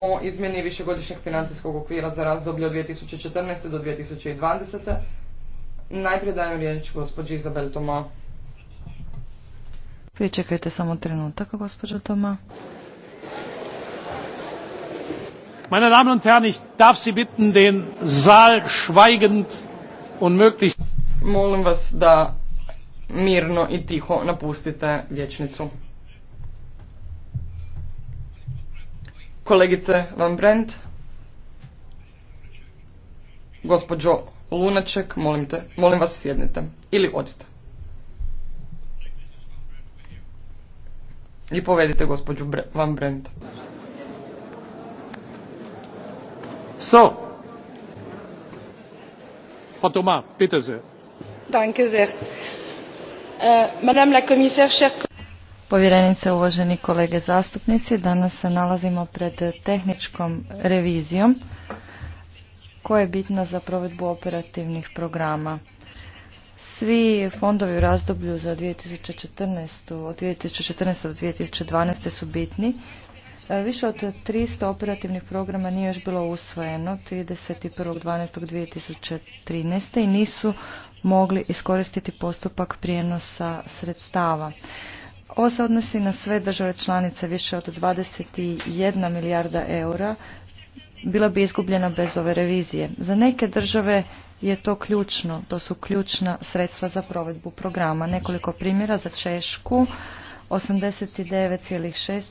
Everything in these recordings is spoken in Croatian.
o izmjeni višegodišnjeg financijskog okvira za razdoblje od 2014. do 2020. Najprije dajem riječ gospođi Izabel Toma. Pričekajte samo trenutak, gospođo Toma. Meine Damen und Herren, ich darf Sie bitten, den Saal schweigend und möglichst... Molim vas da mirno i tiho napustite vječnicu. Kolegice Van Brent, gospođo Lunaček, molim, te, molim vas sjednite ili odite. I povedite gospođu Van Brent. So, Fatoma, bitte sehr. Danke sehr. Euh, madame la commissaire, chers povjerenice, uvaženi kolege zastupnici. Danas se nalazimo pred tehničkom revizijom koja je bitna za provedbu operativnih programa. Svi fondovi u razdoblju za 2014. od 2014. do 2012. su bitni. E, više od 300 operativnih programa nije još bilo usvojeno 31.12.2013. i nisu mogli iskoristiti postupak prijenosa sredstava. Ovo se odnosi na sve države članice, više od 21 milijarda eura bila bi izgubljena bez ove revizije. Za neke države je to ključno, to su ključna sredstva za provedbu programa. Nekoliko primjera za Češku, 89,6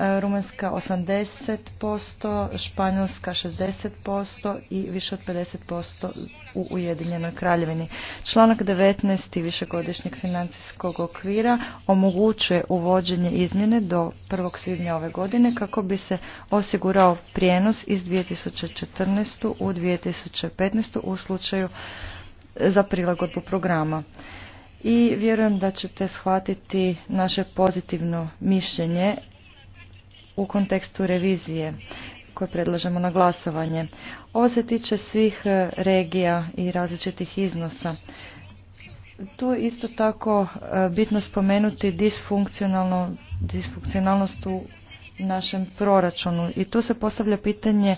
E, Rumunjska 80%, Španjolska 60% i više od 50% u Ujedinjenoj kraljevini. Članak 19. višegodišnjeg financijskog okvira omogućuje uvođenje izmjene do 1. svibnja ove godine kako bi se osigurao prijenos iz 2014. u 2015. u slučaju za prilagodbu programa i vjerujem da ćete shvatiti naše pozitivno mišljenje u kontekstu revizije koje predlažemo na glasovanje. Ovo se tiče svih e, regija i različitih iznosa. Tu je isto tako e, bitno spomenuti disfunkcionalnost u našem proračunu i tu se postavlja pitanje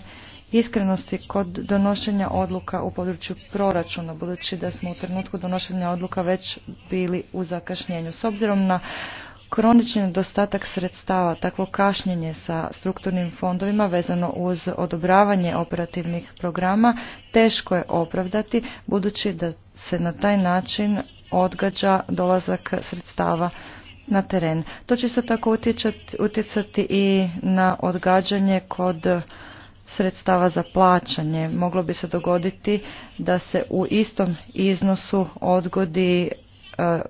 iskrenosti kod donošenja odluka u području proračuna, budući da smo u trenutku donošenja odluka već bili u zakašnjenju. S obzirom na kronični nedostatak sredstava, takvo kašnjenje sa strukturnim fondovima vezano uz odobravanje operativnih programa teško je opravdati budući da se na taj način odgađa dolazak sredstava na teren. To će se tako utjecati i na odgađanje kod sredstava za plaćanje. Moglo bi se dogoditi da se u istom iznosu odgodi e,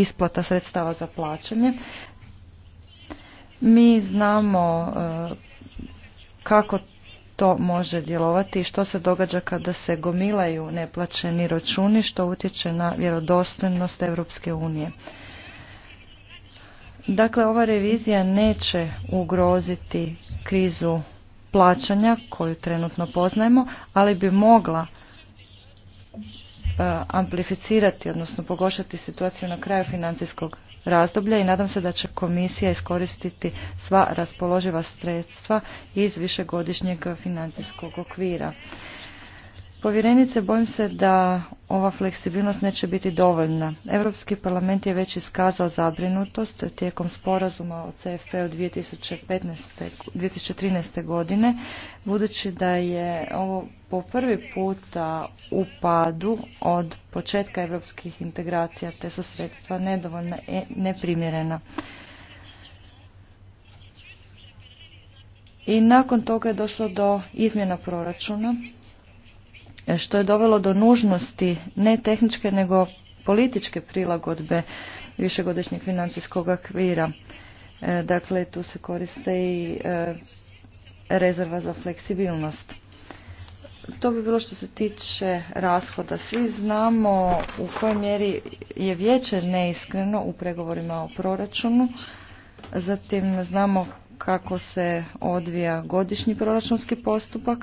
isplata sredstava za plaćanje. Mi znamo e, kako to može djelovati i što se događa kada se gomilaju neplaćeni računi što utječe na vjerodostojnost Europske unije. Dakle, ova revizija neće ugroziti krizu plaćanja koju trenutno poznajemo, ali bi mogla E, amplificirati, odnosno pogoršati situaciju na kraju financijskog razdoblja i nadam se da će komisija iskoristiti sva raspoloživa sredstva iz višegodišnjeg financijskog okvira. Povjerenice, bojim se da ova fleksibilnost neće biti dovoljna. Europski parlament je već iskazao zabrinutost tijekom sporazuma o CFP od 2015, 2013. godine, budući da je ovo po prvi puta u padu od početka europskih integracija, te su sredstva nedovoljna i neprimjerena. I nakon toga je došlo do izmjena proračuna što je dovelo do nužnosti ne tehničke nego političke prilagodbe višegodišnjeg financijskog akvira. E, dakle, tu se koriste i e, rezerva za fleksibilnost. To bi bilo što se tiče rashoda. Svi znamo u kojoj mjeri je vijeće neiskreno u pregovorima o proračunu. Zatim znamo kako se odvija godišnji proračunski postupak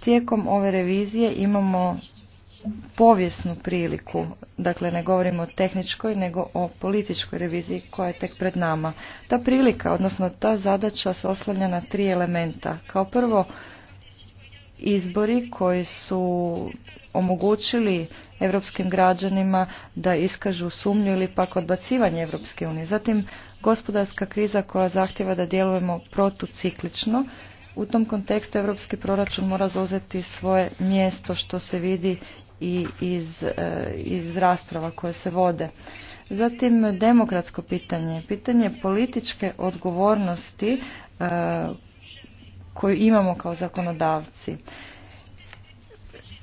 tijekom ove revizije imamo povijesnu priliku, dakle ne govorimo o tehničkoj nego o političkoj reviziji koja je tek pred nama. Ta prilika, odnosno ta zadaća se oslanja na tri elementa. Kao prvo, izbori koji su omogućili europskim građanima da iskažu sumnju ili pak odbacivanje Europske unije. Zatim gospodarska kriza koja zahtjeva da djelujemo protuciklično u tom kontekstu europski proračun mora zauzeti svoje mjesto što se vidi i iz, e, iz rasprava koje se vode. Zatim demokratsko pitanje, pitanje političke odgovornosti e, koju imamo kao zakonodavci.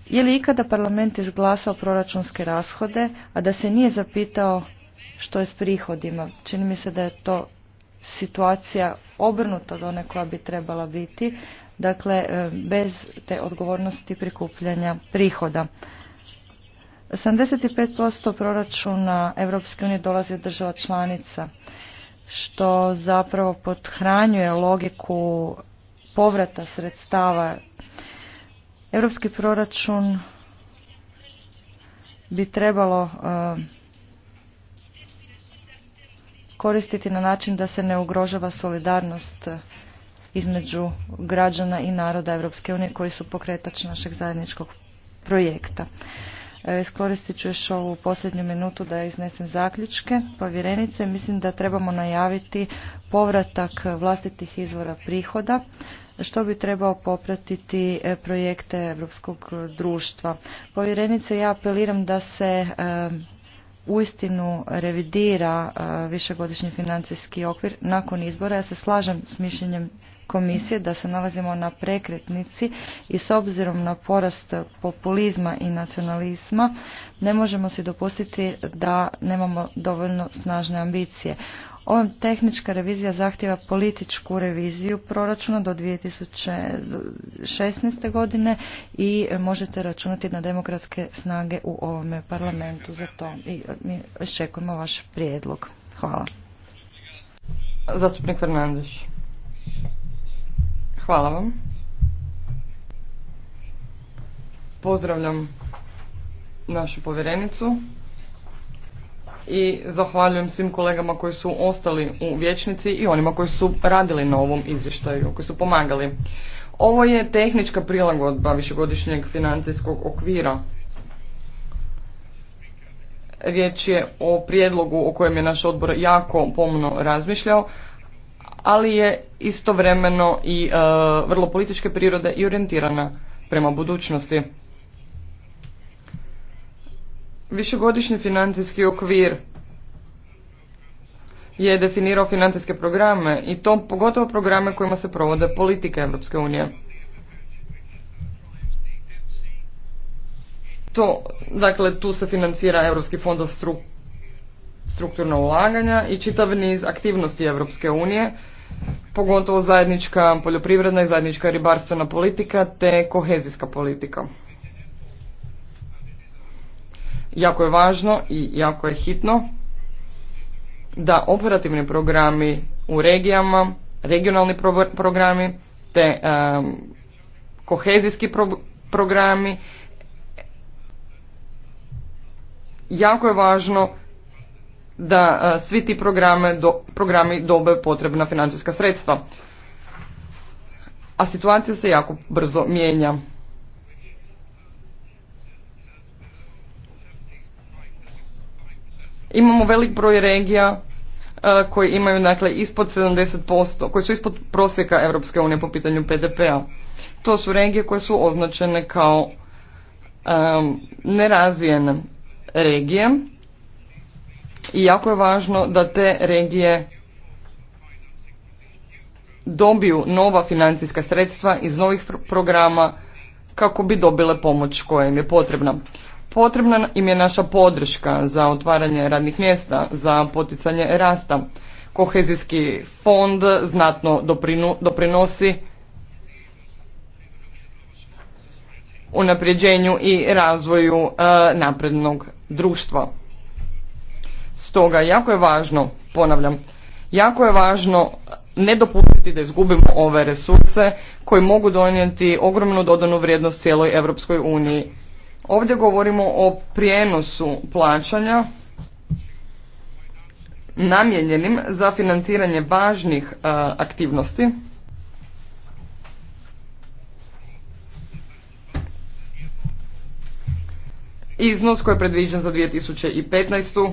Je li ikada parlament izglasao proračunske rashode, a da se nije zapitao što je s prihodima? Čini mi se da je to situacija obrnuta od one koja bi trebala biti, dakle e, bez te odgovornosti prikupljanja prihoda. 75% proračuna Europske unije dolazi od država članica, što zapravo podhranjuje logiku povrata sredstava. Europski proračun bi trebalo e, koristiti na način da se ne ugrožava solidarnost između građana i naroda Europske unije koji su pokretač našeg zajedničkog projekta. E, iskoristit ću još ovu posljednju minutu da iznesem zaključke povjerenice. Mislim da trebamo najaviti povratak vlastitih izvora prihoda što bi trebao popratiti e, projekte Europskog društva. Povjerenice, ja apeliram da se e, uistinu revidira e, višegodišnji financijski okvir nakon izbora. Ja se slažem s mišljenjem komisije da se nalazimo na prekretnici i s obzirom na porast populizma i nacionalizma ne možemo si dopustiti da nemamo dovoljno snažne ambicije. Ova tehnička revizija zahtjeva političku reviziju proračuna do 2016. godine i možete računati na demokratske snage u ovome parlamentu za to. I e, mi očekujemo vaš prijedlog. Hvala. Zastupnik Fernandeš. Hvala vam. Pozdravljam našu povjerenicu i zahvaljujem svim kolegama koji su ostali u vječnici i onima koji su radili na ovom izvještaju, koji su pomagali. Ovo je tehnička prilagodba višegodišnjeg financijskog okvira. Riječ je o prijedlogu o kojem je naš odbor jako pomno razmišljao, ali je istovremeno i e, vrlo političke prirode i orijentirana prema budućnosti. Višegodišnji financijski okvir je definirao financijske programe i to pogotovo programe kojima se provode politike Europske unije. To, dakle, tu se financira Europski fond za strukturna ulaganja i čitav niz aktivnosti Europske unije, pogotovo zajednička poljoprivredna i zajednička ribarstvena politika te kohezijska politika. Jako je važno i jako je hitno da operativni programi u regijama, regionalni programi te kohezijski programi jako je važno da e, svi ti programe do, programi dobe potrebna financijska sredstva. A situacija se jako brzo mijenja. Imamo velik broj regija e, koji imaju dakle ispod 70%, koji su ispod prosjeka Europske unije po pitanju PDPA. a To su regije koje su označene kao nerazvijene regije i jako je važno da te regije dobiju nova financijska sredstva iz novih programa kako bi dobile pomoć koja im je potrebna. Potrebna im je naša podrška za otvaranje radnih mjesta, za poticanje rasta. Kohezijski fond znatno doprinu, doprinosi unapređenju i razvoju e, naprednog društva. Stoga jako je važno, ponavljam, jako je važno ne dopustiti da izgubimo ove resurse koji mogu donijeti ogromnu dodanu vrijednost cijeloj Europskoj uniji. Ovdje govorimo o prijenosu plaćanja namijenjenim za financiranje važnih e, aktivnosti Iznos koji je predviđen za 2015.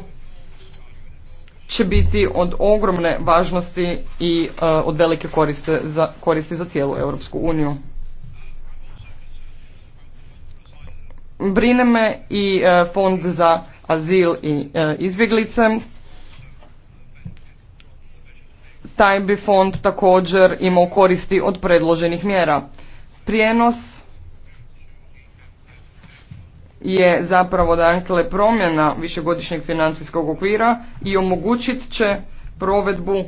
će biti od ogromne važnosti i e, od velike koriste za, koristi za cijelu Europsku uniju. Brine me i e, fond za azil i e, izbjeglice. Taj bi fond također imao koristi od predloženih mjera. Prijenos je zapravo dakle promjena višegodišnjeg financijskog okvira i omogućit će provedbu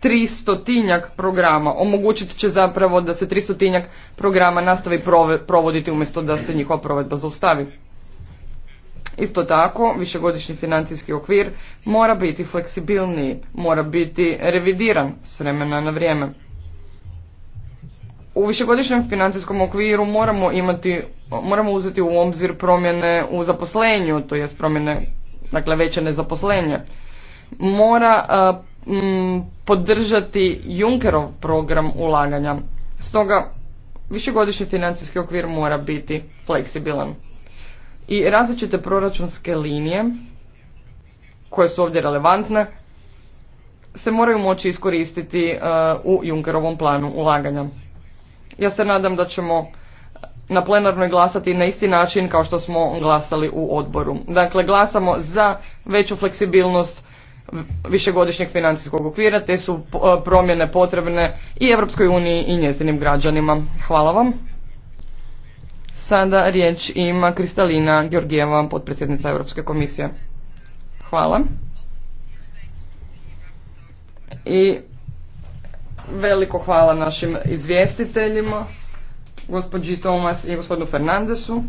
tristotinjak programa. Omogućit će zapravo da se tristotinjak programa nastavi provoditi umjesto da se njihova provedba zaustavi. Isto tako, višegodišnji financijski okvir mora biti fleksibilniji, mora biti revidiran s vremena na vrijeme. U višegodišnjem financijskom okviru moramo imati, moramo uzeti u obzir promjene u zaposlenju, to jest promjene, dakle veće nezaposlenje. Mora Mm, podržati Junkerov program ulaganja. Stoga višegodišnji financijski okvir mora biti fleksibilan. I različite proračunske linije koje su ovdje relevantne se moraju moći iskoristiti e, u Junkerovom planu ulaganja. Ja se nadam da ćemo na plenarnoj glasati na isti način kao što smo glasali u odboru. Dakle, glasamo za veću fleksibilnost višegodišnjeg financijskog okvira, te su e, promjene potrebne i Europskoj uniji i njezinim građanima. Hvala vam. Sada riječ ima Kristalina Georgijeva, potpredsjednica Europske komisije. Hvala. I veliko hvala našim izvjestiteljima, gospođi Tomas i gospodinu Fernandesu.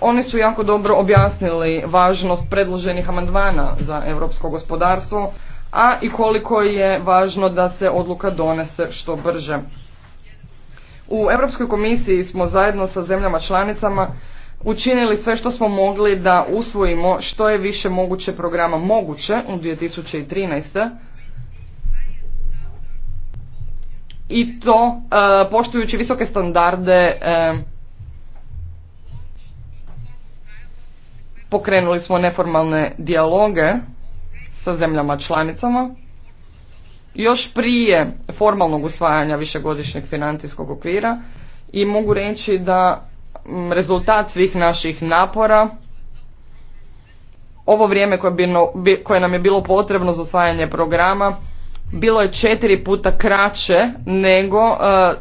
Oni su jako dobro objasnili važnost predloženih amandmana za europsko gospodarstvo, a i koliko je važno da se odluka donese što brže. U Europskoj komisiji smo zajedno sa zemljama članicama učinili sve što smo mogli da usvojimo što je više moguće programa moguće u 2013. I to e, poštujući visoke standarde e, Pokrenuli smo neformalne dijaloge sa zemljama članicama. Još prije formalnog usvajanja višegodišnjeg financijskog okvira i mogu reći da rezultat svih naših napora ovo vrijeme koje, bi, koje nam je bilo potrebno za usvajanje programa bilo je četiri puta kraće nego e,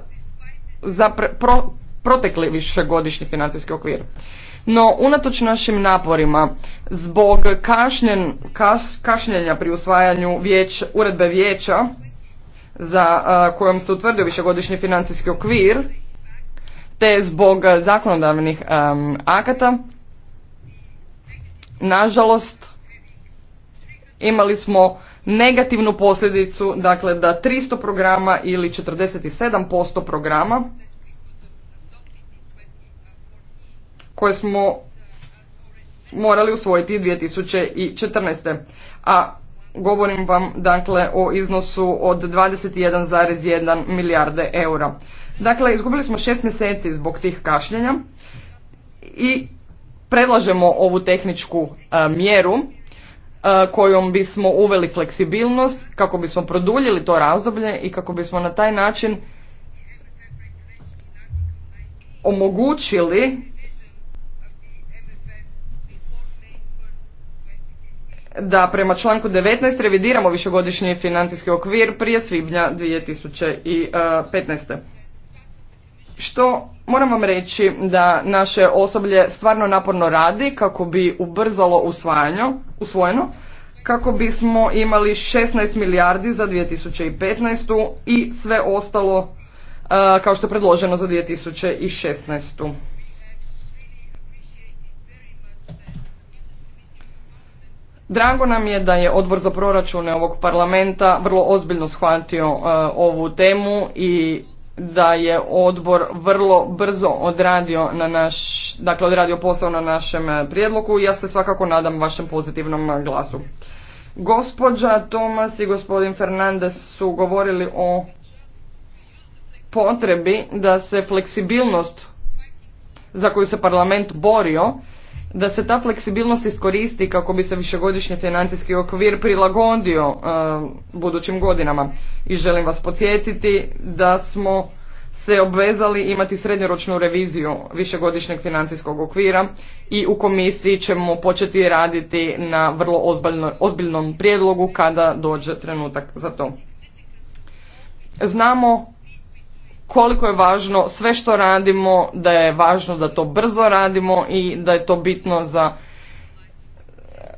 za protekli višegodišnji financijski okvir no, unatoč našim naporima, zbog kašnjen, kašnjenja pri usvajanju vijeć, uredbe vijeća, za kojom se utvrdio višegodišnji financijski okvir, te zbog zakonodavnih akata, nažalost, imali smo negativnu posljedicu, dakle da 300 programa ili 47% programa koje smo morali usvojiti 2014. A govorim vam dakle o iznosu od 21,1 milijarde eura. Dakle, izgubili smo šest mjeseci zbog tih kašljenja i predlažemo ovu tehničku e, mjeru e, kojom bismo uveli fleksibilnost kako bismo produljili to razdoblje i kako bismo na taj način omogućili da prema članku 19 revidiramo višegodišnji financijski okvir prije svibnja 2015. Što moram vam reći da naše osoblje stvarno naporno radi kako bi ubrzalo usvajanje, usvojeno, kako bismo imali 16 milijardi za 2015. i sve ostalo kao što je predloženo za 2016. Drago nam je da je odbor za proračune ovog parlamenta vrlo ozbiljno shvatio e, ovu temu i da je odbor vrlo brzo odradio na naš, dakle odradio posao na našem e, prijedlogu i ja se svakako nadam vašem pozitivnom glasu. Gospođa Tomas i gospodin Fernandez su govorili o potrebi da se fleksibilnost za koju se parlament borio da se ta fleksibilnost iskoristi kako bi se višegodišnji financijski okvir prilagodio e, budućim godinama. I želim vas podsjetiti da smo se obvezali imati srednjoročnu reviziju višegodišnjeg financijskog okvira i u komisiji ćemo početi raditi na vrlo ozbiljnom prijedlogu kada dođe trenutak za to. Znamo koliko je važno sve što radimo, da je važno da to brzo radimo i da je to bitno za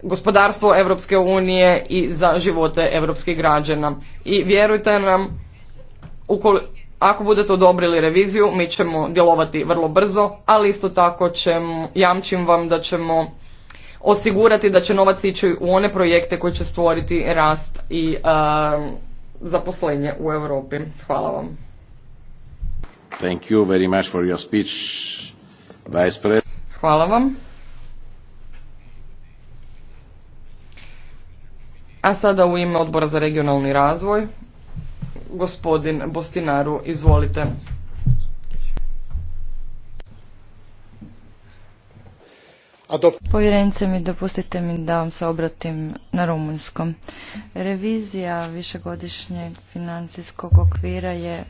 gospodarstvo Europske unije i za živote europskih građana. I vjerujte nam, ako budete odobrili reviziju, mi ćemo djelovati vrlo brzo, ali isto tako ćemo, jamčim vam da ćemo osigurati da će novac ići u one projekte koji će stvoriti rast i zaposlenje u Europi. Hvala vam. Thank you very much for Hvala vam. A sada u ime odbora za regionalni razvoj, gospodin Bostinaru, izvolite. Povjerenice mi, dopustite mi da vam se obratim na rumunjskom. Revizija višegodišnjeg financijskog okvira je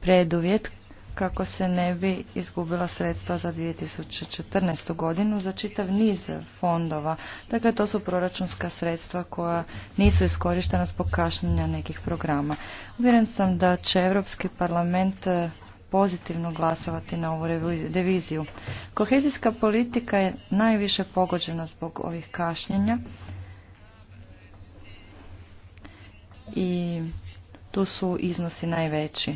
preduvjet kako se ne bi izgubila sredstva za 2014. godinu za čitav niz fondova. Dakle, to su proračunska sredstva koja nisu iskorištena zbog kašnjenja nekih programa. Uvjeren sam da će Europski parlament eh, pozitivno glasovati na ovu reviziju. Kohezijska politika je najviše pogođena zbog ovih kašnjenja i tu su iznosi najveći.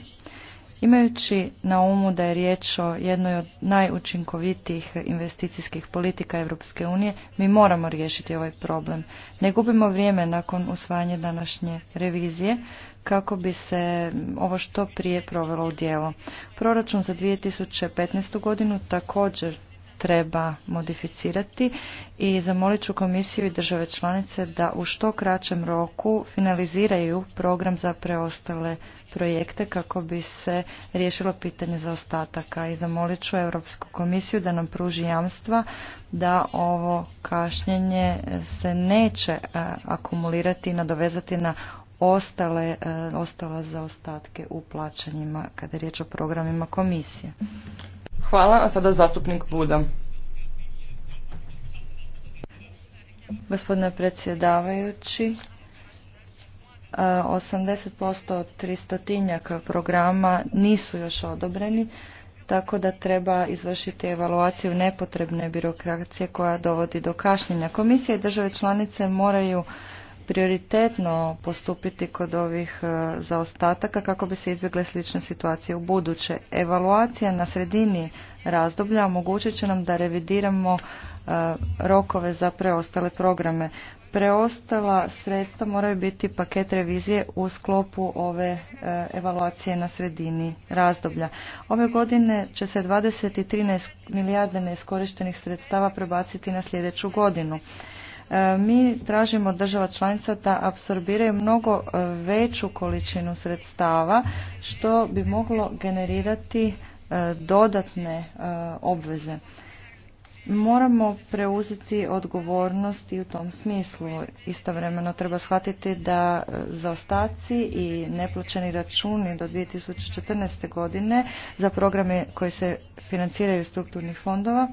Imajući na umu da je riječ o jednoj od najučinkovitijih investicijskih politika Europske unije, mi moramo riješiti ovaj problem. Ne gubimo vrijeme nakon usvajanja današnje revizije kako bi se ovo što prije provelo u djelo. Proračun za 2015. godinu također treba modificirati i zamolit ću komisiju i države članice da u što kraćem roku finaliziraju program za preostale projekte kako bi se riješilo pitanje zaostataka i zamolit ću Europsku komisiju da nam pruži jamstva da ovo kašnjenje se neće e, akumulirati i nadovezati na ostale, e, zaostatke u plaćanjima kada je riječ o programima komisije. Hvala, a sada zastupnik Buda. Gospodine predsjedavajući, 80% od 300-tinjak programa nisu još odobreni, tako da treba izvršiti evaluaciju nepotrebne birokracije koja dovodi do kašnjenja. Komisija i države članice moraju prioritetno postupiti kod ovih e, zaostataka kako bi se izbjegle slične situacije u buduće. Evaluacija na sredini razdoblja omogućit će nam da revidiramo e, rokove za preostale programe. Preostala sredstva moraju biti paket revizije u sklopu ove e, evaluacije na sredini razdoblja. Ove godine će se 23 milijarde neiskorištenih sredstava prebaciti na sljedeću godinu. E, mi tražimo država članica da apsorbiraju mnogo e, veću količinu sredstava što bi moglo generirati dodatne obveze moramo preuzeti odgovornost i u tom smislu. Istovremeno treba shvatiti da e, zaostaci i neplaćeni računi do 2014. godine za programe koji se financiraju strukturnih fondova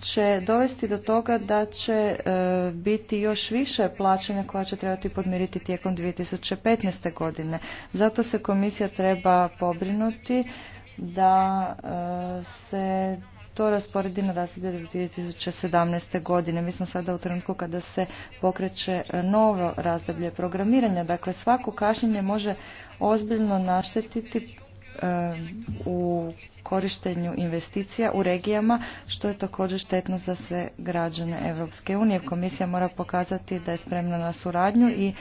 će dovesti do toga da će e, biti još više plaćanja koja će trebati podmiriti tijekom 2015. godine. Zato se komisija treba pobrinuti da e, se to rasporedi na razdoblje 2017. godine. Mi smo sada u trenutku kada se pokreće e, novo razdoblje programiranja. Dakle, svako kašnjenje može ozbiljno naštetiti e, u korištenju investicija u regijama, što je također štetno za sve građane Europske unije. Komisija mora pokazati da je spremna na suradnju i e,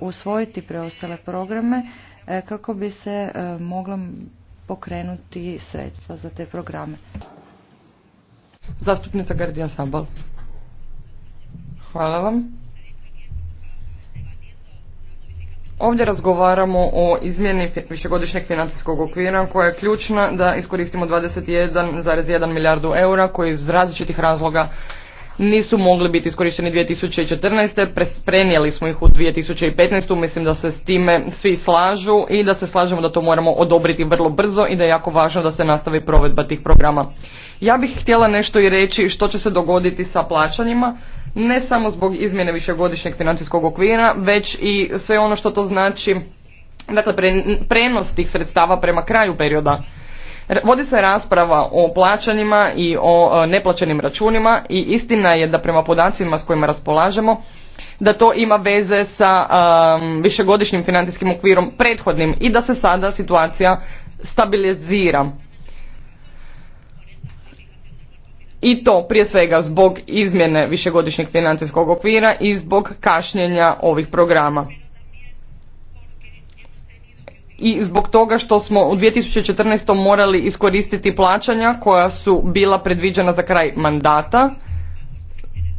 usvojiti preostale programe kako bi se moglo pokrenuti sredstva za te programe. Zastupnica Gardija Sabal. Hvala vam. Ovdje razgovaramo o izmjeni višegodišnjeg financijskog okvira koja je ključna da iskoristimo 21,1 milijardu eura koji iz različitih razloga nisu mogli biti iskorišteni 2014. Presprenijeli smo ih u 2015. Mislim da se s time svi slažu i da se slažemo da to moramo odobriti vrlo brzo i da je jako važno da se nastavi provedba tih programa. Ja bih htjela nešto i reći što će se dogoditi sa plaćanjima, ne samo zbog izmjene višegodišnjeg financijskog okvira, već i sve ono što to znači, dakle, prenos tih sredstava prema kraju perioda Vodi se rasprava o plaćanjima i o e, neplaćenim računima i istina je da prema podacima s kojima raspolažemo da to ima veze sa višegodišnjim financijskim okvirom prethodnim i da se sada situacija stabilizira. I to prije svega zbog izmjene višegodišnjeg financijskog okvira i zbog kašnjenja ovih programa i zbog toga što smo u 2014. morali iskoristiti plaćanja koja su bila predviđena za kraj mandata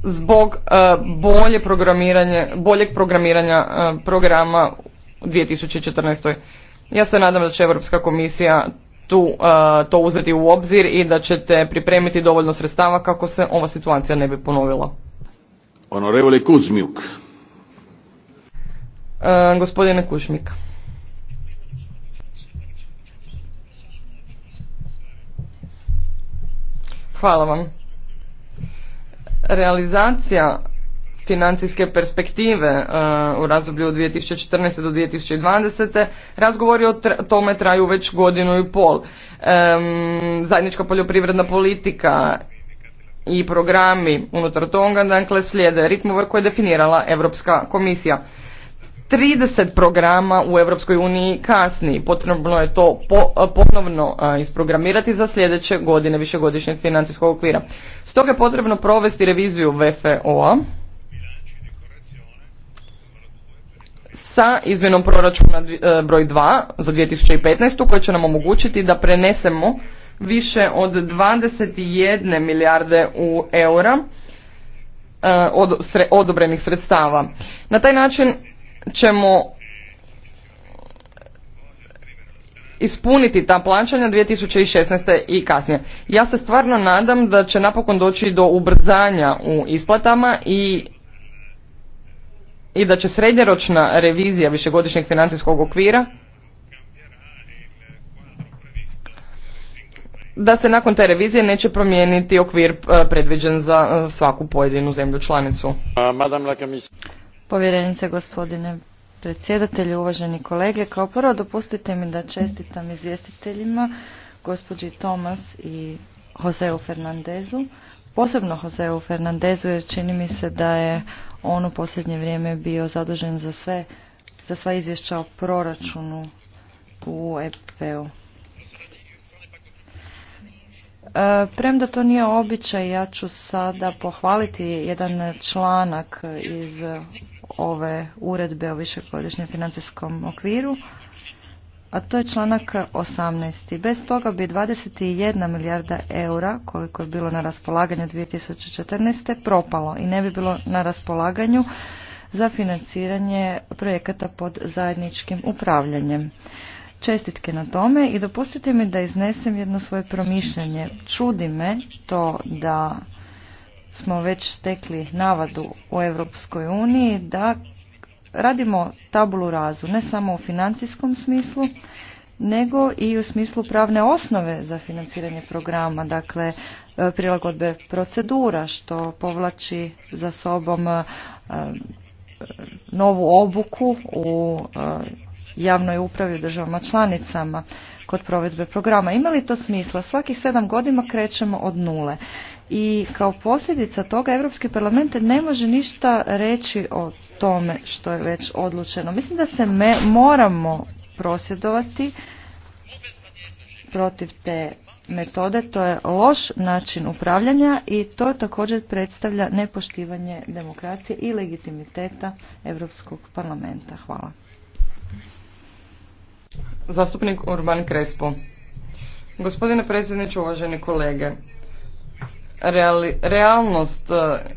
zbog e, bolje programiranje, boljeg programiranja e, programa u 2014. Ja se nadam da će Europska komisija tu e, to uzeti u obzir i da ćete pripremiti dovoljno sredstava kako se ova situacija ne bi ponovila. Honorevole Kuzmiuk. Gospodine Kušmik. Hvala vam. Realizacija financijske perspektive e, u razdoblju od 2014. do 2020. Razgovori o tome traju već godinu i pol. zajednička poljoprivredna politika i programi unutar toga dakle, slijede ritmove koje je definirala Europska komisija. 30 programa u Europskoj uniji kasni. Potrebno je to ponovno isprogramirati za sljedeće godine višegodišnjeg financijskog okvira. Stoga je potrebno provesti reviziju VFO-a sa izmjenom proračuna e, broj 2 za 2015. koja će nam omogućiti da prenesemo više od 21 milijarde u eura e, od odobrenih sredstava. Na taj način ćemo ispuniti ta plaćanja 2016. i kasnije. Ja se stvarno nadam da će napokon doći do ubrzanja u isplatama i i da će srednjeročna revizija višegodišnjeg financijskog okvira da se nakon te revizije neće promijeniti okvir e, predviđen za e, svaku pojedinu zemlju članicu povjerenice gospodine predsjedatelju, uvaženi kolege. Kao prvo dopustite mi da čestitam izvjestiteljima, gospođi Tomas i Joseu Fernandezu. Posebno Joseu Fernandezu jer čini mi se da je on u posljednje vrijeme bio zadužen za sve za sva izvješća o proračunu u EP-u. E, premda to nije običaj, ja ću sada pohvaliti jedan članak iz ove uredbe o višegodišnjem financijskom okviru, a to je članak 18. Bez toga bi 21 milijarda eura, koliko je bilo na raspolaganju 2014. propalo i ne bi bilo na raspolaganju za financiranje projekata pod zajedničkim upravljanjem. Čestitke na tome i dopustite mi da iznesem jedno svoje promišljanje. Čudi me to da smo već stekli navadu u Europskoj uniji da radimo tabulu razu, ne samo u financijskom smislu, nego i u smislu pravne osnove za financiranje programa, dakle e, prilagodbe procedura što povlači za sobom e, novu obuku u e, javnoj upravi u državama članicama kod provedbe programa. Ima li to smisla? Svakih sedam godina krećemo od nule i kao posljedica toga Europski parlament ne može ništa reći o tome što je već odlučeno. Mislim da se me, moramo prosjedovati protiv te metode, to je loš način upravljanja i to također predstavlja nepoštivanje demokracije i legitimiteta Europskog parlamenta. Hvala. Zastupnik Urban Krespo. Gospodine predsjedniče, uvaženi kolege, realnost e,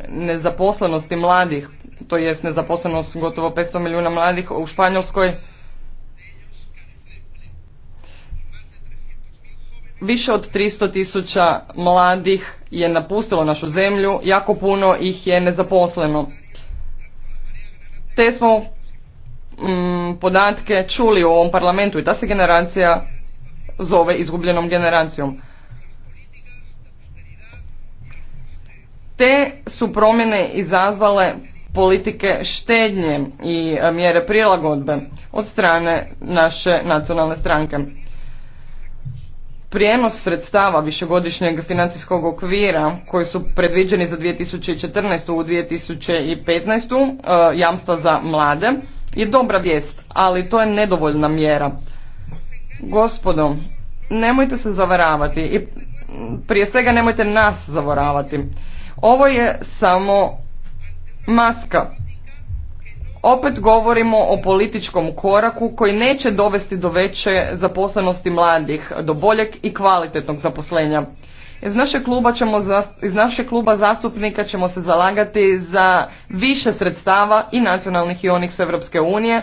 nezaposlenosti mladih, to jest nezaposlenost gotovo 500 milijuna mladih u Španjolskoj, više od 300 tisuća mladih je napustilo našu zemlju, jako puno ih je nezaposleno. Te smo mm, podatke čuli u ovom parlamentu i ta se generacija zove izgubljenom generacijom. Te su promjene izazvale politike štednje i e, mjere prilagodbe od strane naše nacionalne stranke. Prijenos sredstava višegodišnjeg financijskog okvira koji su predviđeni za 2014. u 2015. E, jamstva za mlade je dobra vijest, ali to je nedovoljna mjera. Gospodo, nemojte se zavaravati i prije svega nemojte nas zavaravati. Ovo je samo maska. Opet govorimo o političkom koraku koji neće dovesti do veće zaposlenosti mladih, do boljeg i kvalitetnog zaposlenja. Iz našeg kluba, ćemo, iz našeg kluba zastupnika ćemo se zalagati za više sredstava i nacionalnih i onih s Europske unije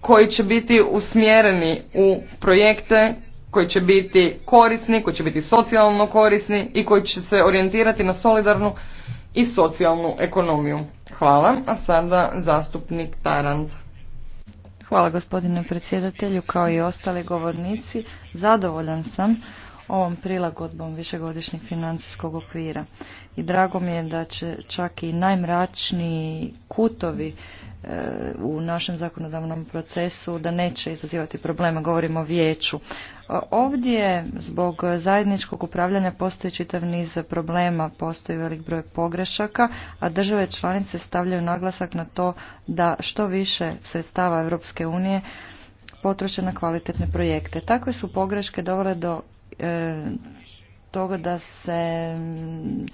koji će biti usmjereni u projekte koji će biti korisni, koji će biti socijalno korisni i koji će se orijentirati na solidarnu i socijalnu ekonomiju. Hvala. A sada zastupnik Tarand. Hvala gospodine predsjedatelju kao i ostali govornici. Zadovoljan sam ovom prilagodbom višegodišnjeg financijskog okvira. I drago mi je da će čak i najmračniji kutovi e, u našem zakonodavnom procesu da neće izazivati probleme, govorimo o vijeću. Ovdje zbog zajedničkog upravljanja postoji čitav niz problema, postoji velik broj pogrešaka, a države članice stavljaju naglasak na to da što više sredstava Europske unije potroše na kvalitetne projekte. Takve su pogreške dovele do e, toga da se mm,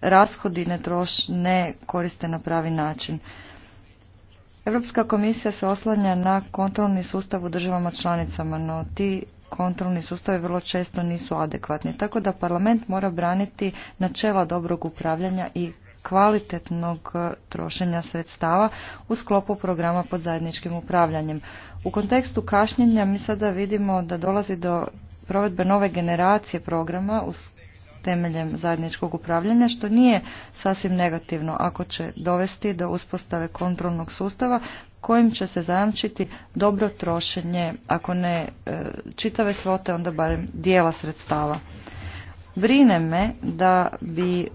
rashodi ne, troš, ne koriste na pravi način. Europska komisija se oslanja na kontrolni sustav u državama članicama, no ti kontrolni sustavi vrlo često nisu adekvatni. Tako da parlament mora braniti načela dobrog upravljanja i kvalitetnog e, trošenja sredstava u sklopu programa pod zajedničkim upravljanjem. U kontekstu kašnjenja mi sada vidimo da dolazi do provedbe nove generacije programa temeljem zajedničkog upravljanja, što nije sasvim negativno ako će dovesti do uspostave kontrolnog sustava kojim će se zajamčiti dobro trošenje, ako ne e, čitave svote, onda barem dijela sredstava. Brine me da bi e,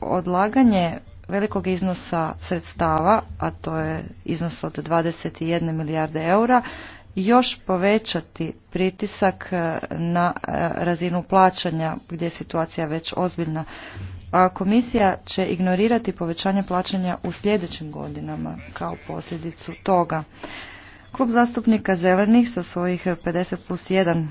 odlaganje velikog iznosa sredstava, a to je iznos od 21 milijarde eura, još povećati pritisak e, na e, razinu plaćanja gdje je situacija već ozbiljna. A komisija će ignorirati povećanje plaćanja u sljedećim godinama kao posljedicu toga. Klub zastupnika Zelenih sa svojih 50 plus 1 e,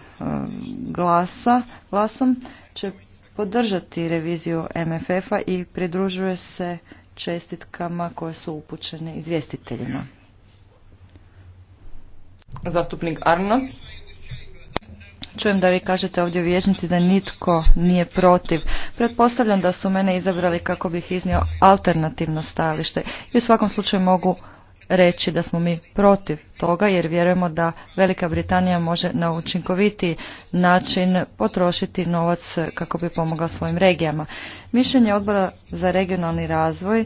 glasa, glasom će podržati reviziju MFF-a i pridružuje se čestitkama koje su upućene izvjestiteljima. Zastupnik Arno. Čujem da vi kažete ovdje u da nitko nije protiv. Pretpostavljam da su mene izabrali kako bih iznio alternativno stajalište. I u svakom slučaju mogu reći da smo mi protiv toga jer vjerujemo da Velika Britanija može na učinkovitiji način potrošiti novac kako bi pomogla svojim regijama. Mišljenje odbora za regionalni razvoj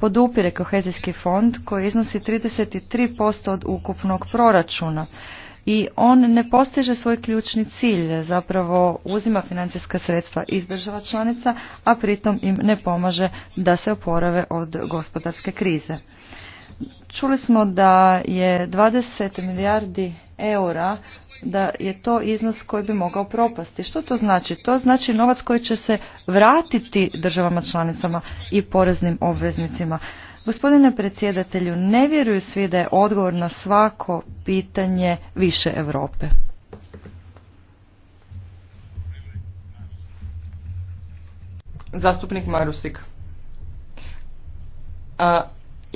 podupire kohezijski fond koji iznosi 33% od ukupnog proračuna i on ne postiže svoj ključni cilj, zapravo uzima financijska sredstva iz država članica, a pritom im ne pomaže da se oporave od gospodarske krize. Čuli smo da je 20 milijardi eura da je to iznos koji bi mogao propasti. Što to znači? To znači novac koji će se vratiti državama članicama i poreznim obveznicima. Gospodine predsjedatelju, ne vjeruju svi da je odgovor na svako pitanje više Europe. Zastupnik Marusik. A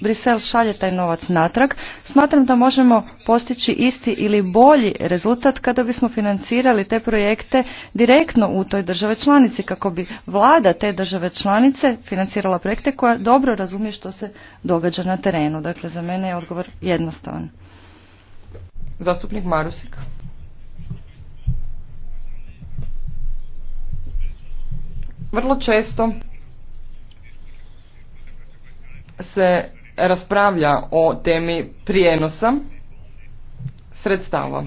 Brisel šalje taj novac natrag, smatram da možemo postići isti ili bolji rezultat kada bismo financirali te projekte direktno u toj države članici, kako bi vlada te države članice financirala projekte koja dobro razumije što se događa na terenu. Dakle, za mene je odgovor jednostavan. Zastupnik Marusik. Vrlo često se raspravlja o temi prijenosa sredstava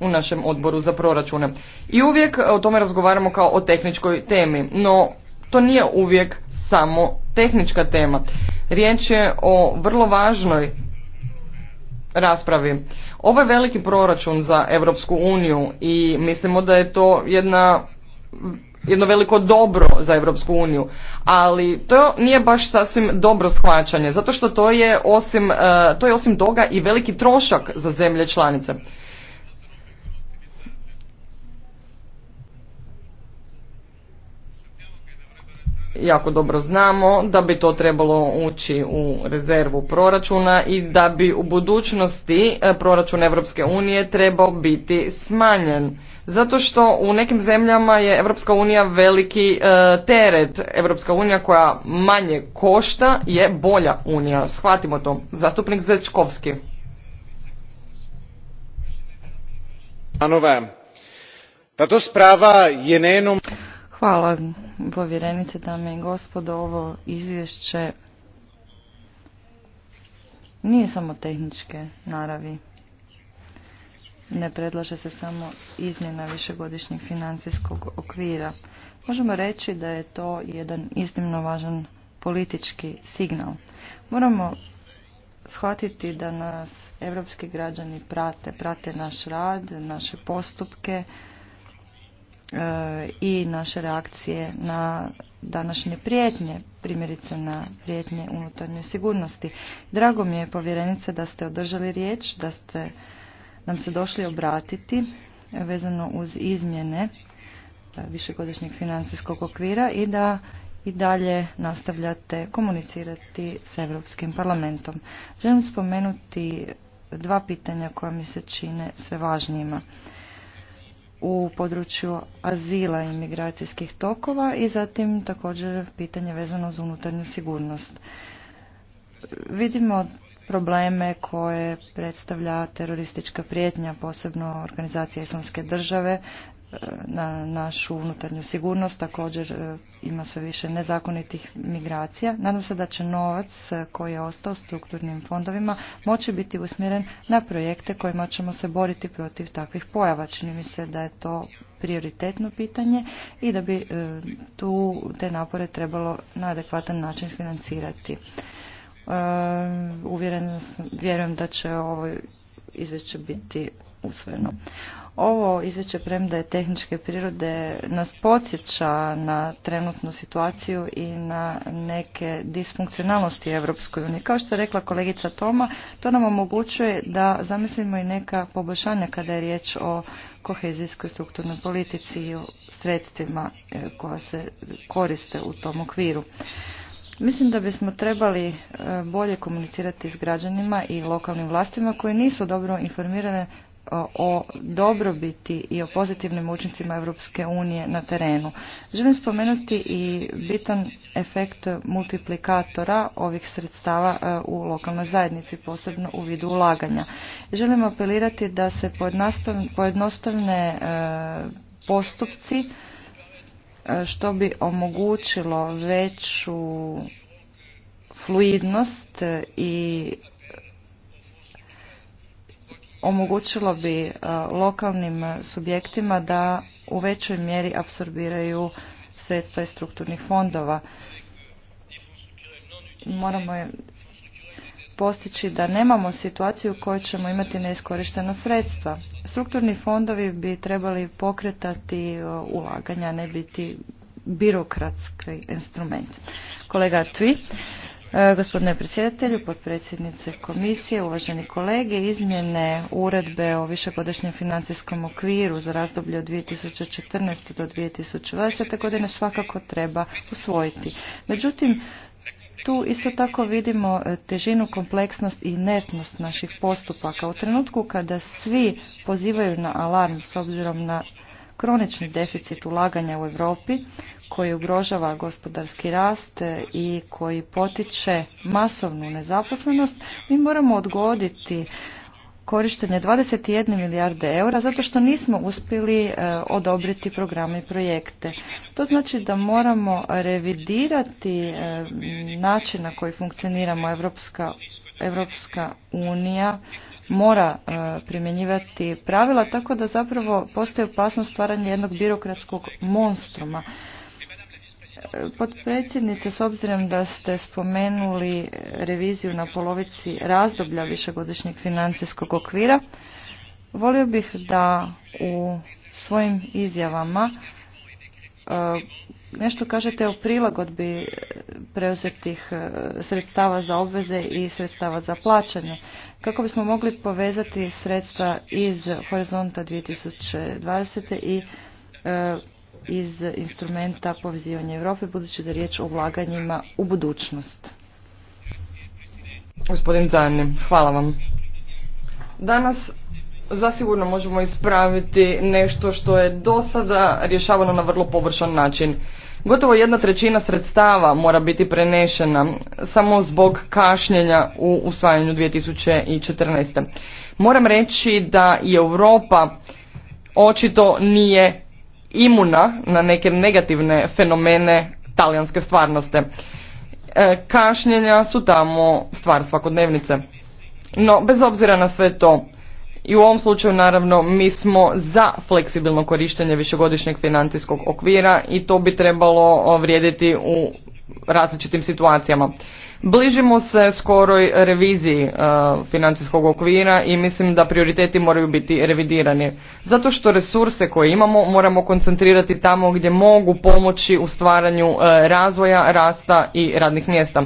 u našem odboru za proračune. I uvijek e, o tome razgovaramo kao o tehničkoj temi, no to nije uvijek samo tehnička tema. Riječ je o vrlo važnoj raspravi. Ovo je veliki proračun za Europsku uniju i mislimo da je to jedna jedno veliko dobro za Europsku uniju, ali to nije baš sasvim dobro shvaćanje, zato što to je osim, e, to je toga i veliki trošak za zemlje članice. Jako dobro znamo da bi to trebalo ući u rezervu proračuna i da bi u budućnosti e, proračun Europske unije trebao biti smanjen zato što u nekim zemljama je Europska unija veliki e, teret. Europska unija koja manje košta je bolja unija. Shvatimo to. Zastupnik Zečkovski. Pa je Hvala povjerenice, dame i gospodo. Ovo izvješće nije samo tehničke naravi ne predlaže se samo izmjena višegodišnjeg financijskog okvira. Možemo reći da je to jedan iznimno važan politički signal. Moramo shvatiti da nas evropski građani prate, prate naš rad, naše postupke e, i naše reakcije na današnje prijetnje, primjerice na prijetnje unutarnje sigurnosti. Drago mi je povjerenice da ste održali riječ, da ste nam se došli obratiti vezano uz izmjene e, višegodišnjeg financijskog okvira i da i dalje nastavljate komunicirati s Europskim parlamentom. Želim spomenuti dva pitanja koja mi se čine sve važnijima u području azila i migracijskih tokova i zatim također pitanje vezano za unutarnju sigurnost. Vidimo probleme koje predstavlja teroristička prijetnja, posebno organizacija islamske države, e, na našu unutarnju sigurnost, također e, ima sve više nezakonitih migracija. Nadam se da će novac e, koji je ostao strukturnim fondovima moći biti usmjeren na projekte kojima ćemo se boriti protiv takvih pojava. Čini mi se da je to prioritetno pitanje i da bi tu te napore trebalo na adekvatan način financirati. E, uvjeren, vjerujem da će ovo izvješće biti usvojeno. Ovo izvješće premda je tehničke prirode nas podsjeća na trenutnu situaciju i na neke disfunkcionalnosti Europskoj uniji. Kao što je rekla kolegica Toma, to nam omogućuje da zamislimo i neka poboljšanja kada je riječ o kohezijskoj strukturnoj politici i o sredstvima e, koja se koriste u tom okviru. Mislim da bismo trebali e, bolje komunicirati s građanima i lokalnim vlastima koje nisu dobro informirane e, o dobrobiti i o pozitivnim učincima Europske unije na terenu. Želim spomenuti i bitan efekt multiplikatora ovih sredstava e, u lokalnoj zajednici, posebno u vidu ulaganja. Želim apelirati da se pojednostavne postupci E, što bi omogućilo veću fluidnost i omogućilo bi e, lokalnim subjektima da u većoj mjeri apsorbiraju sredstva iz strukturnih fondova. Moramo postići da nemamo situaciju u kojoj ćemo imati neiskorištena sredstva. Strukturni fondovi bi trebali pokretati e, ulaganja, ne biti birokratski instrument. Kolega Tvi, e, gospodine predsjedatelju, potpredsjednice komisije, uvaženi kolege, izmjene uredbe o višegodišnjem financijskom okviru za razdoblje od 2014. do 2020. godine svakako treba usvojiti. Međutim, tu isto tako vidimo e, težinu, kompleksnost i inertnost naših postupaka. U trenutku kada svi pozivaju na alarm s obzirom na kronični deficit ulaganja u Europi koji ugrožava gospodarski rast e, i koji potiče masovnu nezaposlenost, mi moramo odgoditi korištenje 21 milijarde eura zato što nismo uspjeli e, odobriti programe i projekte. To znači da moramo revidirati e, način na koji funkcioniramo Evropska, Evropska unija mora e, primjenjivati pravila tako da zapravo postoji opasnost stvaranja jednog birokratskog monstruma. Podpredsjednice, s obzirom da ste spomenuli reviziju na polovici razdoblja višegodišnjeg financijskog okvira, volio bih da u svojim izjavama e, nešto kažete o prilagodbi preuzetih e, sredstava za obveze i sredstava za plaćanje. Kako bismo mogli povezati sredstva iz horizonta 2020. i e, iz instrumenta povezivanja Europe budući da riječ o ulaganjima u budućnost. Gospodin Zani, hvala vam. Danas zasigurno možemo ispraviti nešto što je do sada rješavano na vrlo površan način. Gotovo jedna trećina sredstava mora biti prenešena samo zbog kašnjenja u usvajanju 2014. Moram reći da i Europa očito nije imuna na neke negativne fenomene talijanske stvarnosti. E, kašnjenja su tamo stvar svakodnevnice. No, bez obzira na sve to, i u ovom slučaju naravno mi smo za fleksibilno korištenje višegodišnjeg financijskog okvira i to bi trebalo vrijediti u različitim situacijama. Bližimo se skoroj reviziji e, financijskog okvira i mislim da prioriteti moraju biti revidirani. Zato što resurse koje imamo moramo koncentrirati tamo gdje mogu pomoći u stvaranju e, razvoja, rasta i radnih mjesta.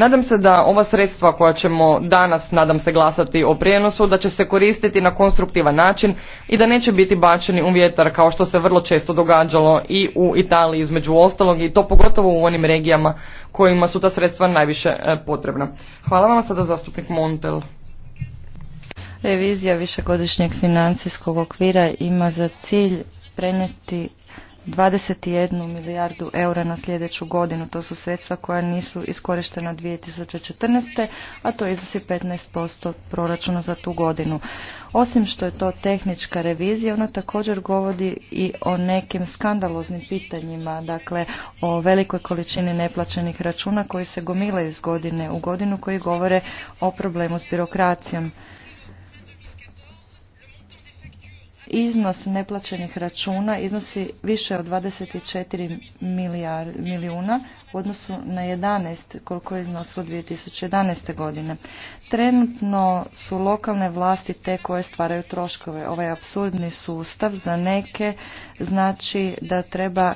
Nadam se da ova sredstva koja ćemo danas, nadam se, glasati o prijenosu, da će se koristiti na konstruktivan način i da neće biti bačeni u vjetar kao što se vrlo često događalo i u Italiji između ostalog i to pogotovo u onim regijama kojima su ta sredstva najviše e, potrebna. Hvala vam sada zastupnik Montel. Revizija višegodišnjeg financijskog okvira ima za cilj prenijeti 21 milijardu eura na sljedeću godinu. To su sredstva koja nisu iskorištena 2014. a to iznosi 15% proračuna za tu godinu. Osim što je to tehnička revizija, ona također govori i o nekim skandaloznim pitanjima, dakle o velikoj količini neplaćenih računa koji se gomilaju iz godine u godinu koji govore o problemu s birokracijom. iznos neplaćenih računa iznosi više od 24 milijar, milijuna u odnosu na 11 koliko je iznosilo 2011. godine. Trenutno su lokalne vlasti te koje stvaraju troškove. Ovaj absurdni sustav za neke znači da treba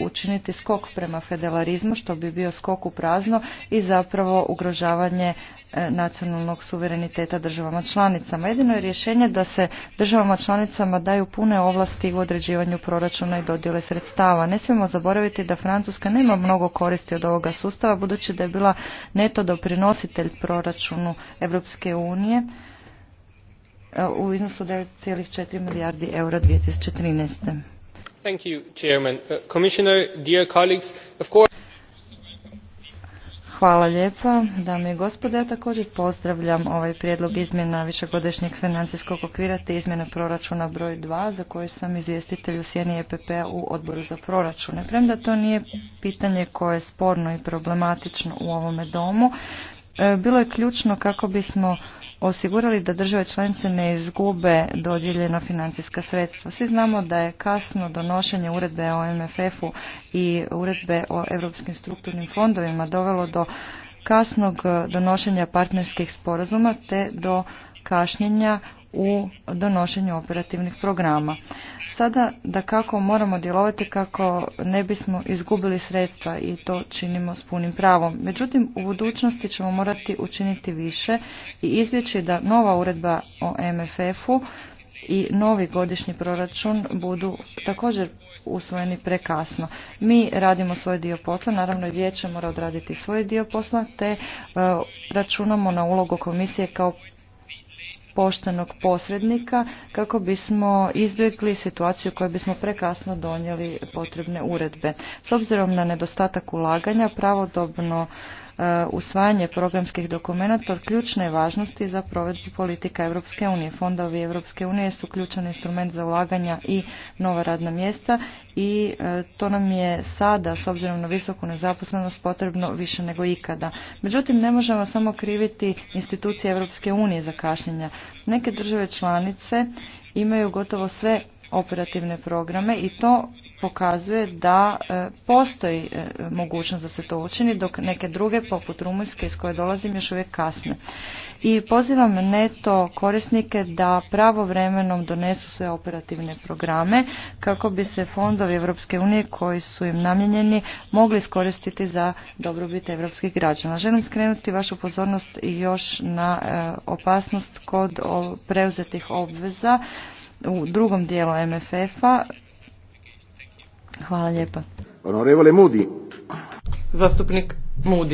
učiniti skok prema federalizmu što bi bio skok u prazno i zapravo ugrožavanje E, nacionalnog suvereniteta državama članicama. Jedino je rješenje da se državama članicama daju pune ovlasti u određivanju proračuna i dodjele sredstava. Ne smijemo zaboraviti da Francuska nema mnogo koristi od ovoga sustava budući da je bila neto doprinositelj proračunu Europske unije e, u iznosu 9,4 milijardi eura 2013. Thank you, Chairman. Uh, Hvala lijepa, dame i gospode. Ja također pozdravljam ovaj prijedlog izmjena višegodišnjeg financijskog okvira te izmjena proračuna broj 2 za koje sam izvjestitelj u sjeni epp p-a u odboru za proračune. Premda to nije pitanje koje je sporno i problematično u ovome domu, e, bilo je ključno kako bismo osigurali da države članice ne izgube dodijeljena financijska sredstva. Svi znamo da je kasno donošenje uredbe o MFF-u i uredbe o europskim strukturnim fondovima dovelo do kasnog donošenja partnerskih sporazuma te do kašnjenja u donošenju operativnih programa. Sada da kako moramo djelovati kako ne bismo izgubili sredstva i to činimo s punim pravom. Međutim, u budućnosti ćemo morati učiniti više i izbjeći da nova uredba o MFF-u i novi godišnji proračun budu također usvojeni prekasno. Mi radimo svoj dio posla, naravno i vijeće mora odraditi svoj dio posla, te e, računamo na ulogu komisije kao poštenog posrednika kako bismo izbjegli situaciju koju bismo prekasno donijeli potrebne uredbe. S obzirom na nedostatak ulaganja, pravodobno E, usvajanje programskih dokumenata od ključne važnosti za provedbu politika Europske unije. Fondovi Europske unije su ključan instrument za ulaganja i nova radna mjesta i e, to nam je sada, s obzirom na visoku nezaposlenost, potrebno više nego ikada. Međutim, ne možemo samo kriviti institucije Europske unije za kašnjenja. Neke države članice imaju gotovo sve operativne programe i to pokazuje da e, postoji e, mogućnost da se to učini, dok neke druge, poput Rumunjske iz koje dolazim, još uvijek kasne. I pozivam neto korisnike da pravovremenom donesu sve operativne programe kako bi se fondovi Europske unije koji su im namjenjeni mogli iskoristiti za dobrobit europskih građana. Želim skrenuti vašu pozornost i još na e, opasnost kod preuzetih obveza u drugom dijelu MFF-a Hvala lijepa. Zastupnik uh,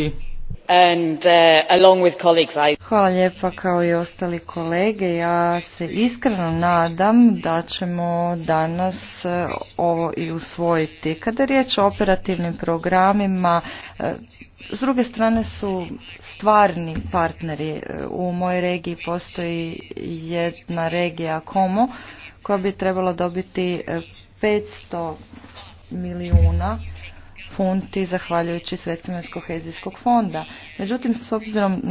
Hvala kao i ostali kolege. Ja se iskreno nadam da ćemo danas uh, ovo i usvojiti. Kada je riječ o operativnim programima, uh, s druge strane su stvarni partneri. U mojoj regiji postoji jedna regija Komo koja bi trebala dobiti 500 milijuna funti zahvaljujući sredstvima iz kohezijskog fonda. Međutim, s obzirom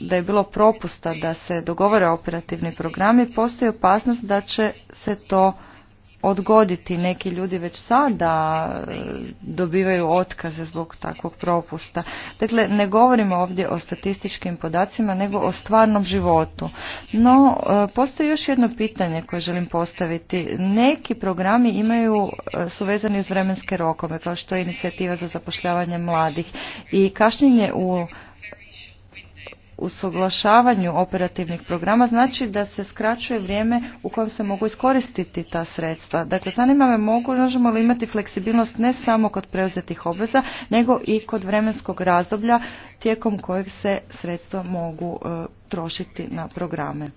da je bilo propusta da se dogovore operativni programi, postoji opasnost da će se to odgoditi. Neki ljudi već sada e, dobivaju otkaze zbog takvog propusta. Dakle, ne govorimo ovdje o statističkim podacima, nego o stvarnom životu. No, e, postoji još jedno pitanje koje želim postaviti. Neki programi imaju, e, su vezani uz vremenske rokove, kao što je inicijativa za zapošljavanje mladih. I kašnjenje u usuglašavanju operativnih programa znači da se skraćuje vrijeme u kojem se mogu iskoristiti ta sredstva. Dakle, zanima me mogu, možemo li imati fleksibilnost ne samo kod preuzetih obveza, nego i kod vremenskog razdoblja tijekom kojeg se sredstva mogu e, trošiti na programe.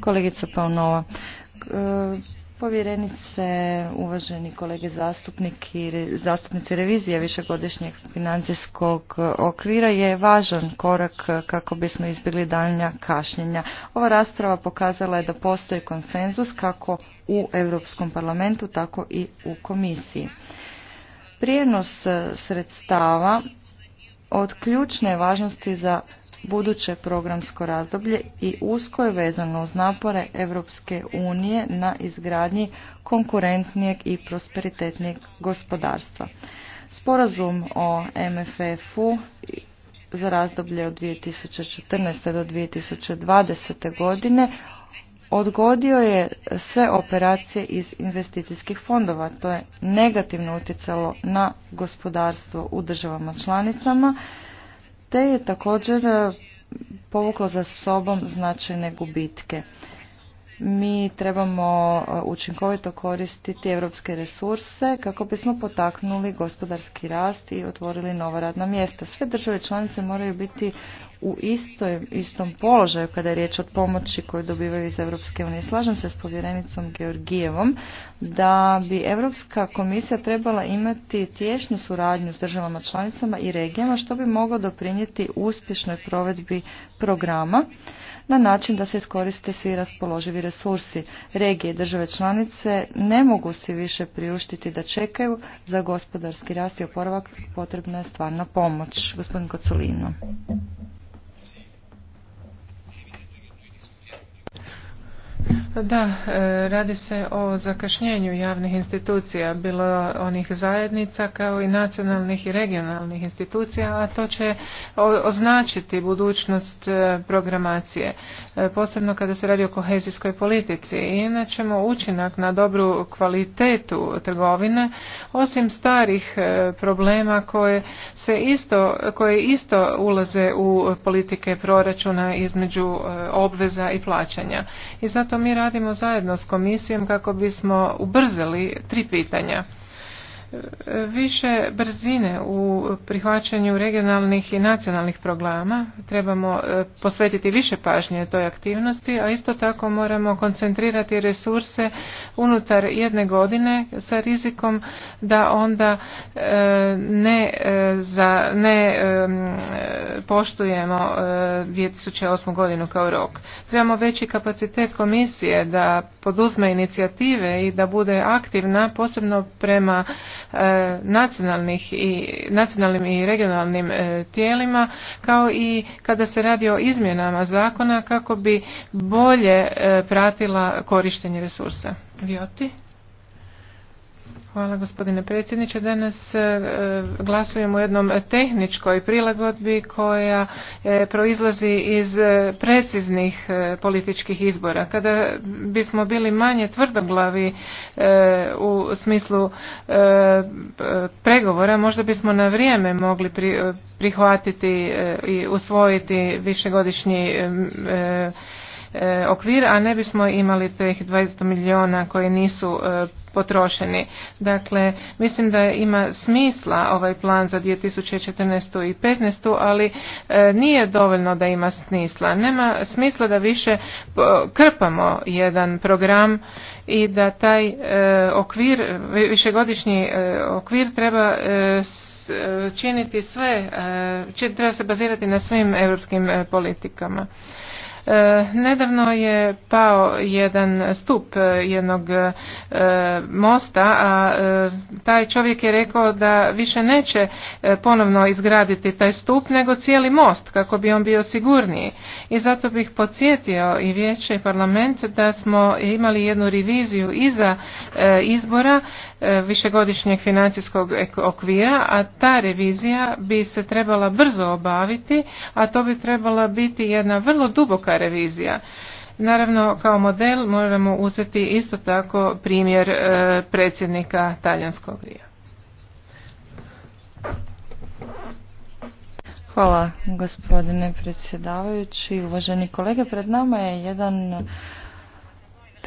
Kolegica Paunova, e, Povjerenice, uvaženi kolege zastupnik i zastupnici revizije višegodišnjeg financijskog okvira je važan korak kako bismo izbjegli daljnja kašnjenja. Ova rasprava pokazala je da postoji konsenzus kako u Europskom parlamentu, tako i u komisiji. Prijenos sredstava od ključne važnosti za buduće programsko razdoblje i usko je vezano uz napore Europske unije na izgradnji konkurentnijeg i prosperitetnijeg gospodarstva. Sporazum o MFF-u za razdoblje od 2014. do 2020. godine odgodio je sve operacije iz investicijskih fondova. To je negativno utjecalo na gospodarstvo u državama članicama te je također e, povuklo za sobom značajne gubitke. Mi trebamo e, učinkovito koristiti europske resurse kako bismo potaknuli gospodarski rast i otvorili nova radna mjesta. Sve države članice moraju biti u istoj, istom položaju kada je riječ o pomoći koju dobivaju iz Europske unije. Slažem se s povjerenicom Georgijevom da bi Europska komisija trebala imati tješnju suradnju s državama članicama i regijama što bi moglo doprinijeti uspješnoj provedbi programa na način da se iskoriste svi raspoloživi resursi. Regije i države članice ne mogu si više priuštiti da čekaju za gospodarski rast i oporavak potrebna je stvarna pomoć. Gospodin Kocolino. Da, e, radi se o zakašnjenju javnih institucija, bilo onih zajednica kao i nacionalnih i regionalnih institucija, a to će označiti budućnost e, programacije, e, posebno kada se radi o kohezijskoj politici. I inače učinak na dobru kvalitetu trgovine, osim starih problema koje se isto, koje isto ulaze u politike proračuna između obveza i plaćanja. I zato mi radimo zajedno s komisijom kako bismo ubrzali tri pitanja više brzine u prihvaćanju regionalnih i nacionalnih programa. Trebamo e, posvetiti više pažnje toj aktivnosti, a isto tako moramo koncentrirati resurse unutar jedne godine sa rizikom da onda e, ne, e, za, ne poštujemo 2008. godinu kao rok. Trebamo veći kapacitet komisije da poduzme inicijative i da bude aktivna posebno prema E, nacionalnih i, nacionalnim i regionalnim e, tijelima kao i kada se radi o izmjenama zakona kako bi bolje e, pratila korištenje resursa. Vioti? Hvala gospodine predsjedniče. Danas e, glasujemo o jednom tehničkoj prilagodbi koja e, proizlazi iz e, preciznih političkih izbora. Kada bismo bili manje tvrdoglavi u smislu pregovora, možda bismo na vrijeme mogli prihvatiti i usvojiti višegodišnji okvir, a ne bismo imali teh 20 milijuna koji nisu potrošeni. Dakle, mislim da ima smisla ovaj plan za 2014. i 2015. ali e, nije dovoljno da ima smisla. Nema smisla da više e, krpamo jedan program i da taj e, okvir, višegodišnji okvir treba činiti sve, treba se bazirati na svim europskim politikama. E, nedavno je pao jedan stup e, jednog e, mosta, a taj čovjek je rekao da više neće ponovno izgraditi taj stup nego cijeli most kako bi on bio sigurniji. I zato bih podsjetio i vijeće i parlament da smo imali jednu reviziju iza izbora E, višegodišnjeg financijskog okvira, a ta revizija bi se trebala brzo obaviti, a to bi trebala biti jedna vrlo duboka revizija. Naravno, kao model moramo uzeti isto tako primjer e, predsjednika Talijanskog rija. Hvala gospodine predsjedavajući. Uvaženi kolege, pred nama je jedan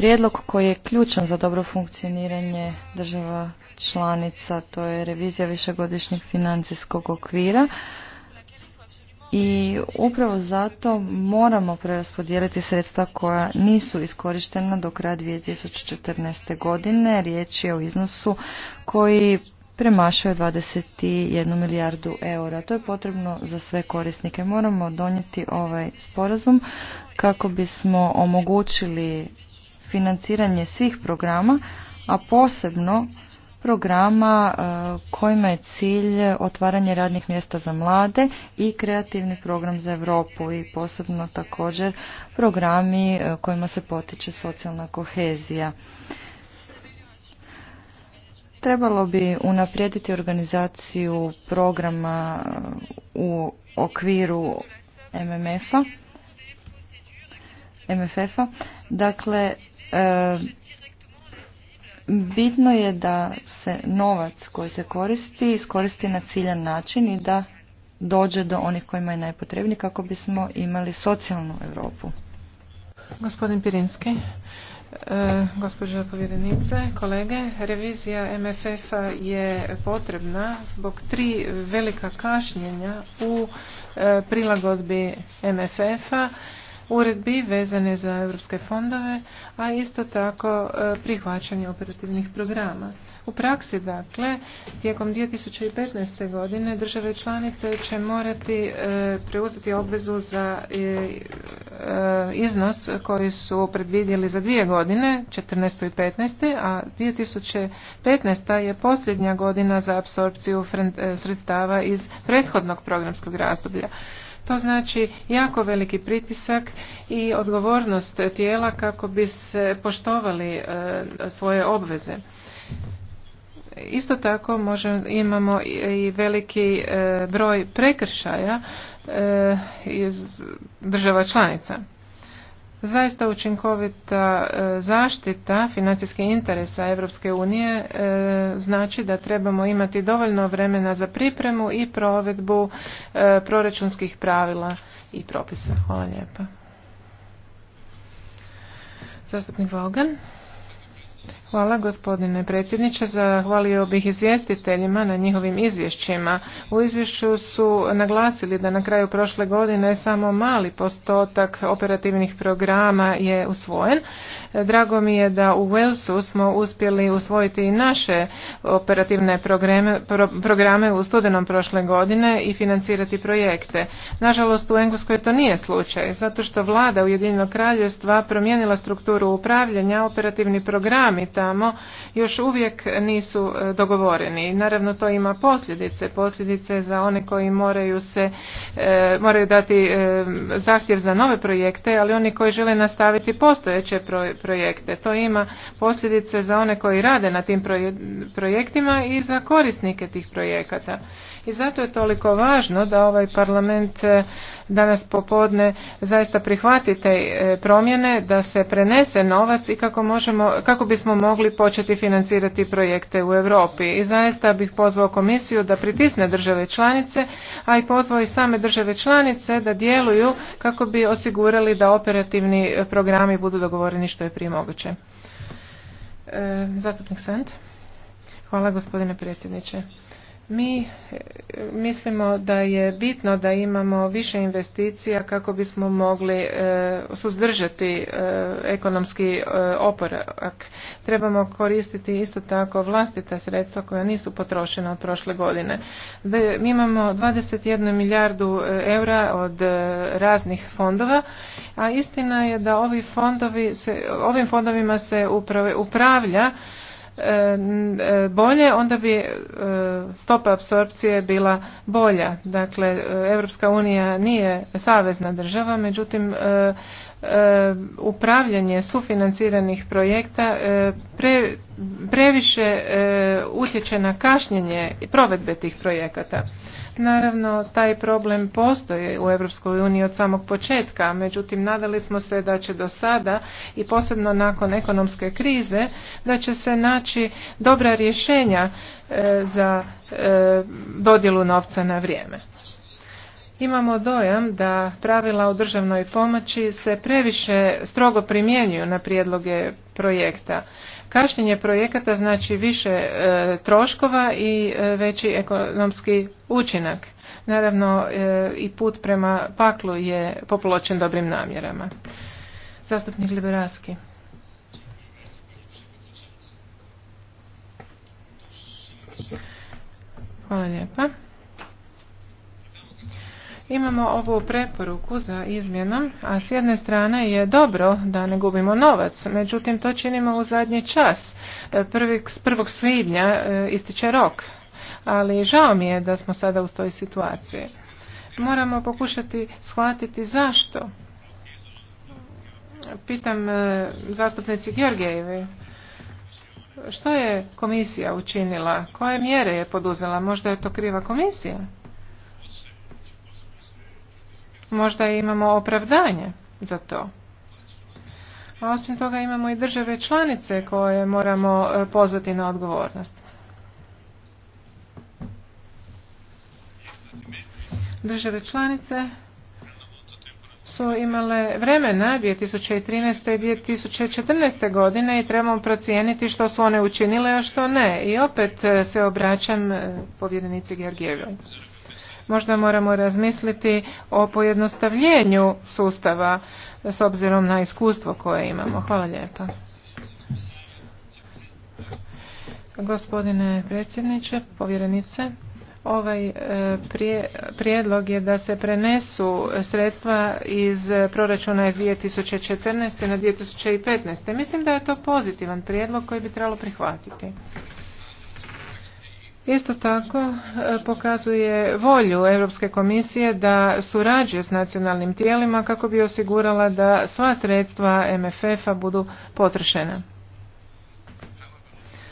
prijedlog koji je ključan za dobro funkcioniranje država članica, to je revizija višegodišnjeg financijskog okvira. I upravo zato moramo preraspodijeliti sredstva koja nisu iskorištena do kraja 2014. godine. Riječ je o iznosu koji premašuje 21 milijardu eura. To je potrebno za sve korisnike. Moramo donijeti ovaj sporazum kako bismo omogućili financiranje svih programa, a posebno programa e, kojima je cilj otvaranje radnih mjesta za mlade i kreativni program za Europu i posebno također programi e, kojima se potiče socijalna kohezija. Trebalo bi unaprijediti organizaciju programa e, u okviru MMF-a, a Dakle, E, bitno je da se novac koji se koristi iskoristi na ciljan način i da dođe do onih kojima je najpotrebniji kako bismo imali socijalnu Europu. Gospodin Pirinski, e, gospođo povjerenice, kolege, revizija MFF-a je potrebna zbog tri velika kašnjenja u e, prilagodbi MFF-a uredbi vezane za europske fondove, a isto tako e, prihvaćanje operativnih programa. U praksi, dakle, tijekom 2015. godine države članice će morati e, preuzeti obvezu za e, iznos koji su predvidjeli za dvije godine, 14. i 15. a 2015. je posljednja godina za apsorpciju sredstava iz prethodnog programskog razdoblja. To znači jako veliki pritisak i odgovornost tijela kako bi se poštovali e, svoje obveze. Isto tako možemo, imamo i veliki e, broj prekršaja e, država članica. Zaista učinkovita e, zaštita financijskih interesa Europske unije e, znači da trebamo imati dovoljno vremena za pripremu i provedbu e, proračunskih pravila i propisa. Hvala lijepa. Zastupnik Volgan. Hvala gospodine predsjedniče. Zahvalio bih izvjestiteljima na njihovim izvješćima. U izvješću su naglasili da na kraju prošle godine samo mali postotak operativnih programa je usvojen, Drago mi je da u Walesu smo uspjeli usvojiti i naše operativne programe, programe u studenom prošle godine i financirati projekte. Nažalost u Engleskoj to nije slučaj, zato što vlada Ujedinjenog kraljevstva promijenila strukturu upravljanja, operativni programi tamo još uvijek nisu e, dogovoreni. Naravno to ima posljedice, posljedice za one koji moraju se e, moraju dati e, zahtjev za nove projekte, ali oni koji žele nastaviti postojeće projekte projekte. To ima posljedice za one koji rade na tim projektima i za korisnike tih projekata. I zato je toliko važno da ovaj parlament e, danas popodne zaista prihvati te e, promjene, da se prenese novac i kako, možemo, kako bismo mogli početi financirati projekte u Europi. I zaista bih pozvao komisiju da pritisne države članice, a i pozvao i same države članice da djeluju kako bi osigurali da operativni programi budu dogovoreni što je prije moguće. E, zastupnik Sand, Hvala gospodine predsjedniče. Mi e, mislimo da je bitno da imamo više investicija kako bismo mogli e, suzdržati e, ekonomski oporak. Trebamo koristiti isto tako vlastita sredstva koja nisu potrošena od prošle godine. Mi imamo 21 milijardu eura od raznih fondova, a istina je da ovim fondovima se upravlja E, bolje, onda bi e, stopa apsorpcije bila bolja. Dakle, Europska unija nije savezna država, međutim, e, upravljanje sufinanciranih projekta previše utječe na kašnjenje provedbe tih projekata. Naravno, taj problem postoji u Europskoj uniji od samog početka, međutim, nadali smo se da će do sada i posebno nakon ekonomske krize, da će se naći dobra rješenja e, za e, dodjelu novca na vrijeme. Imamo dojam da pravila o državnoj pomoći se previše strogo primjenjuju na prijedloge projekta Kašnjenje projekata znači više e, troškova i e, veći ekonomski učinak. Naravno e, i put prema paklu je popločen dobrim namjerama. Zastupnik Liberalski. Hvala lijepa. Imamo ovu preporuku za izmjenom, a s jedne strane je dobro da ne gubimo novac, međutim to činimo u zadnji čas. E, prvog svibnja e, ističe rok, ali žao mi je da smo sada u toj situaciji. Moramo pokušati shvatiti zašto. Pitam e, zastupnici Georgijevi, što je komisija učinila? Koje mjere je poduzela? Možda je to kriva komisija? možda imamo opravdanje za to. A osim toga imamo i države članice koje moramo e, pozvati na odgovornost. Države članice su imale vremena 2013. i 2014. godine i trebamo procijeniti što su one učinile, a što ne. I opet e, se obraćam e, povjedenici Georgijevoj. Možda moramo razmisliti o pojednostavljenju sustava s obzirom na iskustvo koje imamo. Hvala lijepa. Gospodine predsjedniče, povjerenice, ovaj e, prijedlog je da se prenesu sredstva iz proračuna iz 2014. na 2015. Mislim da je to pozitivan prijedlog koji bi trebalo prihvatiti. Isto tako e, pokazuje volju Europske komisije da surađuje s nacionalnim tijelima kako bi osigurala da sva sredstva MFF-a budu potrošena.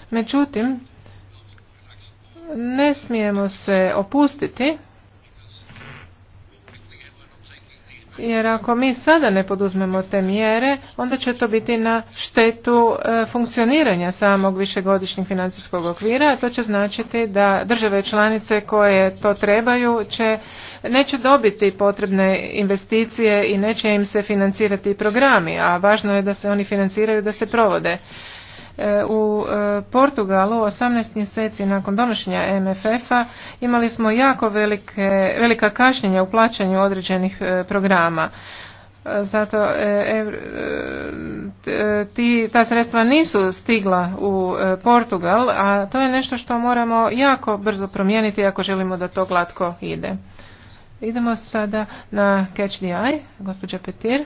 Međutim, ne smijemo se opustiti jer ako mi sada ne poduzmemo te mjere, onda će to biti na štetu e, funkcioniranja samog višegodišnjeg financijskog okvira, a to će značiti da države članice koje to trebaju će neće dobiti potrebne investicije i neće im se financirati programi, a važno je da se oni financiraju da se provode. U e, Portugalu 18 mjeseci nakon donošenja MFF-a imali smo jako velike, velika kašnjenja u plaćanju određenih e, programa. Zato e, ti, ta sredstva nisu stigla u Portugal, a to je nešto što moramo jako brzo promijeniti ako želimo da to glatko ide. Idemo sada na Catch the Eye, gospođa Petir.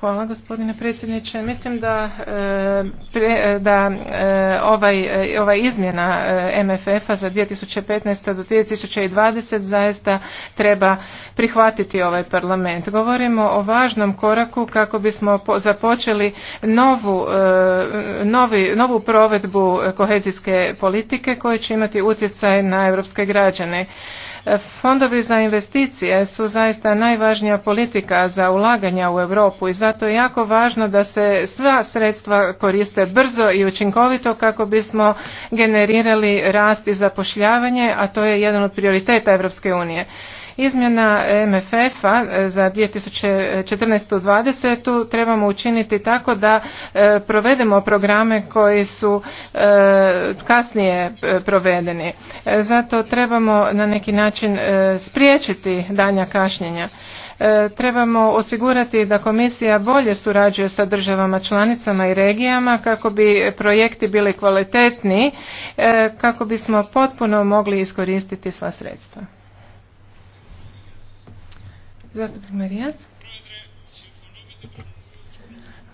Hvala gospodine predsjedniče. Mislim da, e, e, da e, ovaj, ova izmjena MFF-a za 2015. do 2020. zaista treba prihvatiti ovaj parlament. Govorimo o važnom koraku kako bismo započeli novu, novi, novu provedbu kohezijske politike koje će imati utjecaj na europske građane. Fondovi za investicije su zaista najvažnija politika za ulaganja u Europu i zato je jako važno da se sva sredstva koriste brzo i učinkovito kako bismo generirali rast i zapošljavanje, a to je jedan od prioriteta Europske unije. Izmjena MFF-a e, za 2014-2020 trebamo učiniti tako da e, provedemo programe koji su e, kasnije provedeni. Zato trebamo na neki način spriječiti danja kašnjenja trebamo osigurati da komisija bolje surađuje sa državama članicama i regijama kako bi projekti bili kvalitetni, kako bismo potpuno mogli iskoristiti sva sredstva Zastupnik Marijas.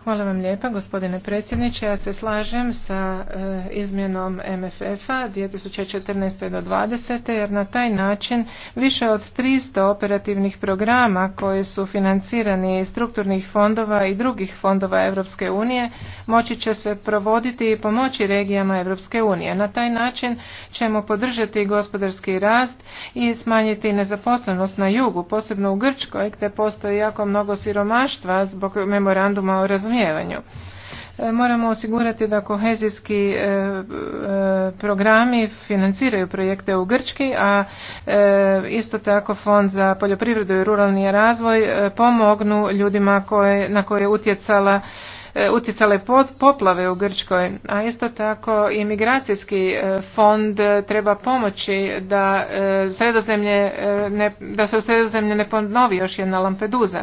Hvala vam lijepa, gospodine predsjedniče. Ja se slažem sa e, izmjenom MFF-a 2014. do 2020. jer na taj način više od 300 operativnih programa koji su financirani iz strukturnih fondova i drugih fondova Europske unije moći će se provoditi i pomoći regijama Europske unije. Na taj način ćemo podržati gospodarski rast i smanjiti nezaposlenost na jugu, posebno u Grčkoj, gdje postoji jako mnogo siromaštva zbog memoranduma o razumijevanju. E, moramo osigurati da kohezijski e, e, programi financiraju projekte u Grčki, a isto tako Fond za poljoprivredu i ruralni razvoj pomognu ljudima koje, na koje je utjecala utjecale poplave u Grčkoj, a isto tako i migracijski fond treba pomoći da, da se u sredozemlje ne ponovi još jedna lampeduza.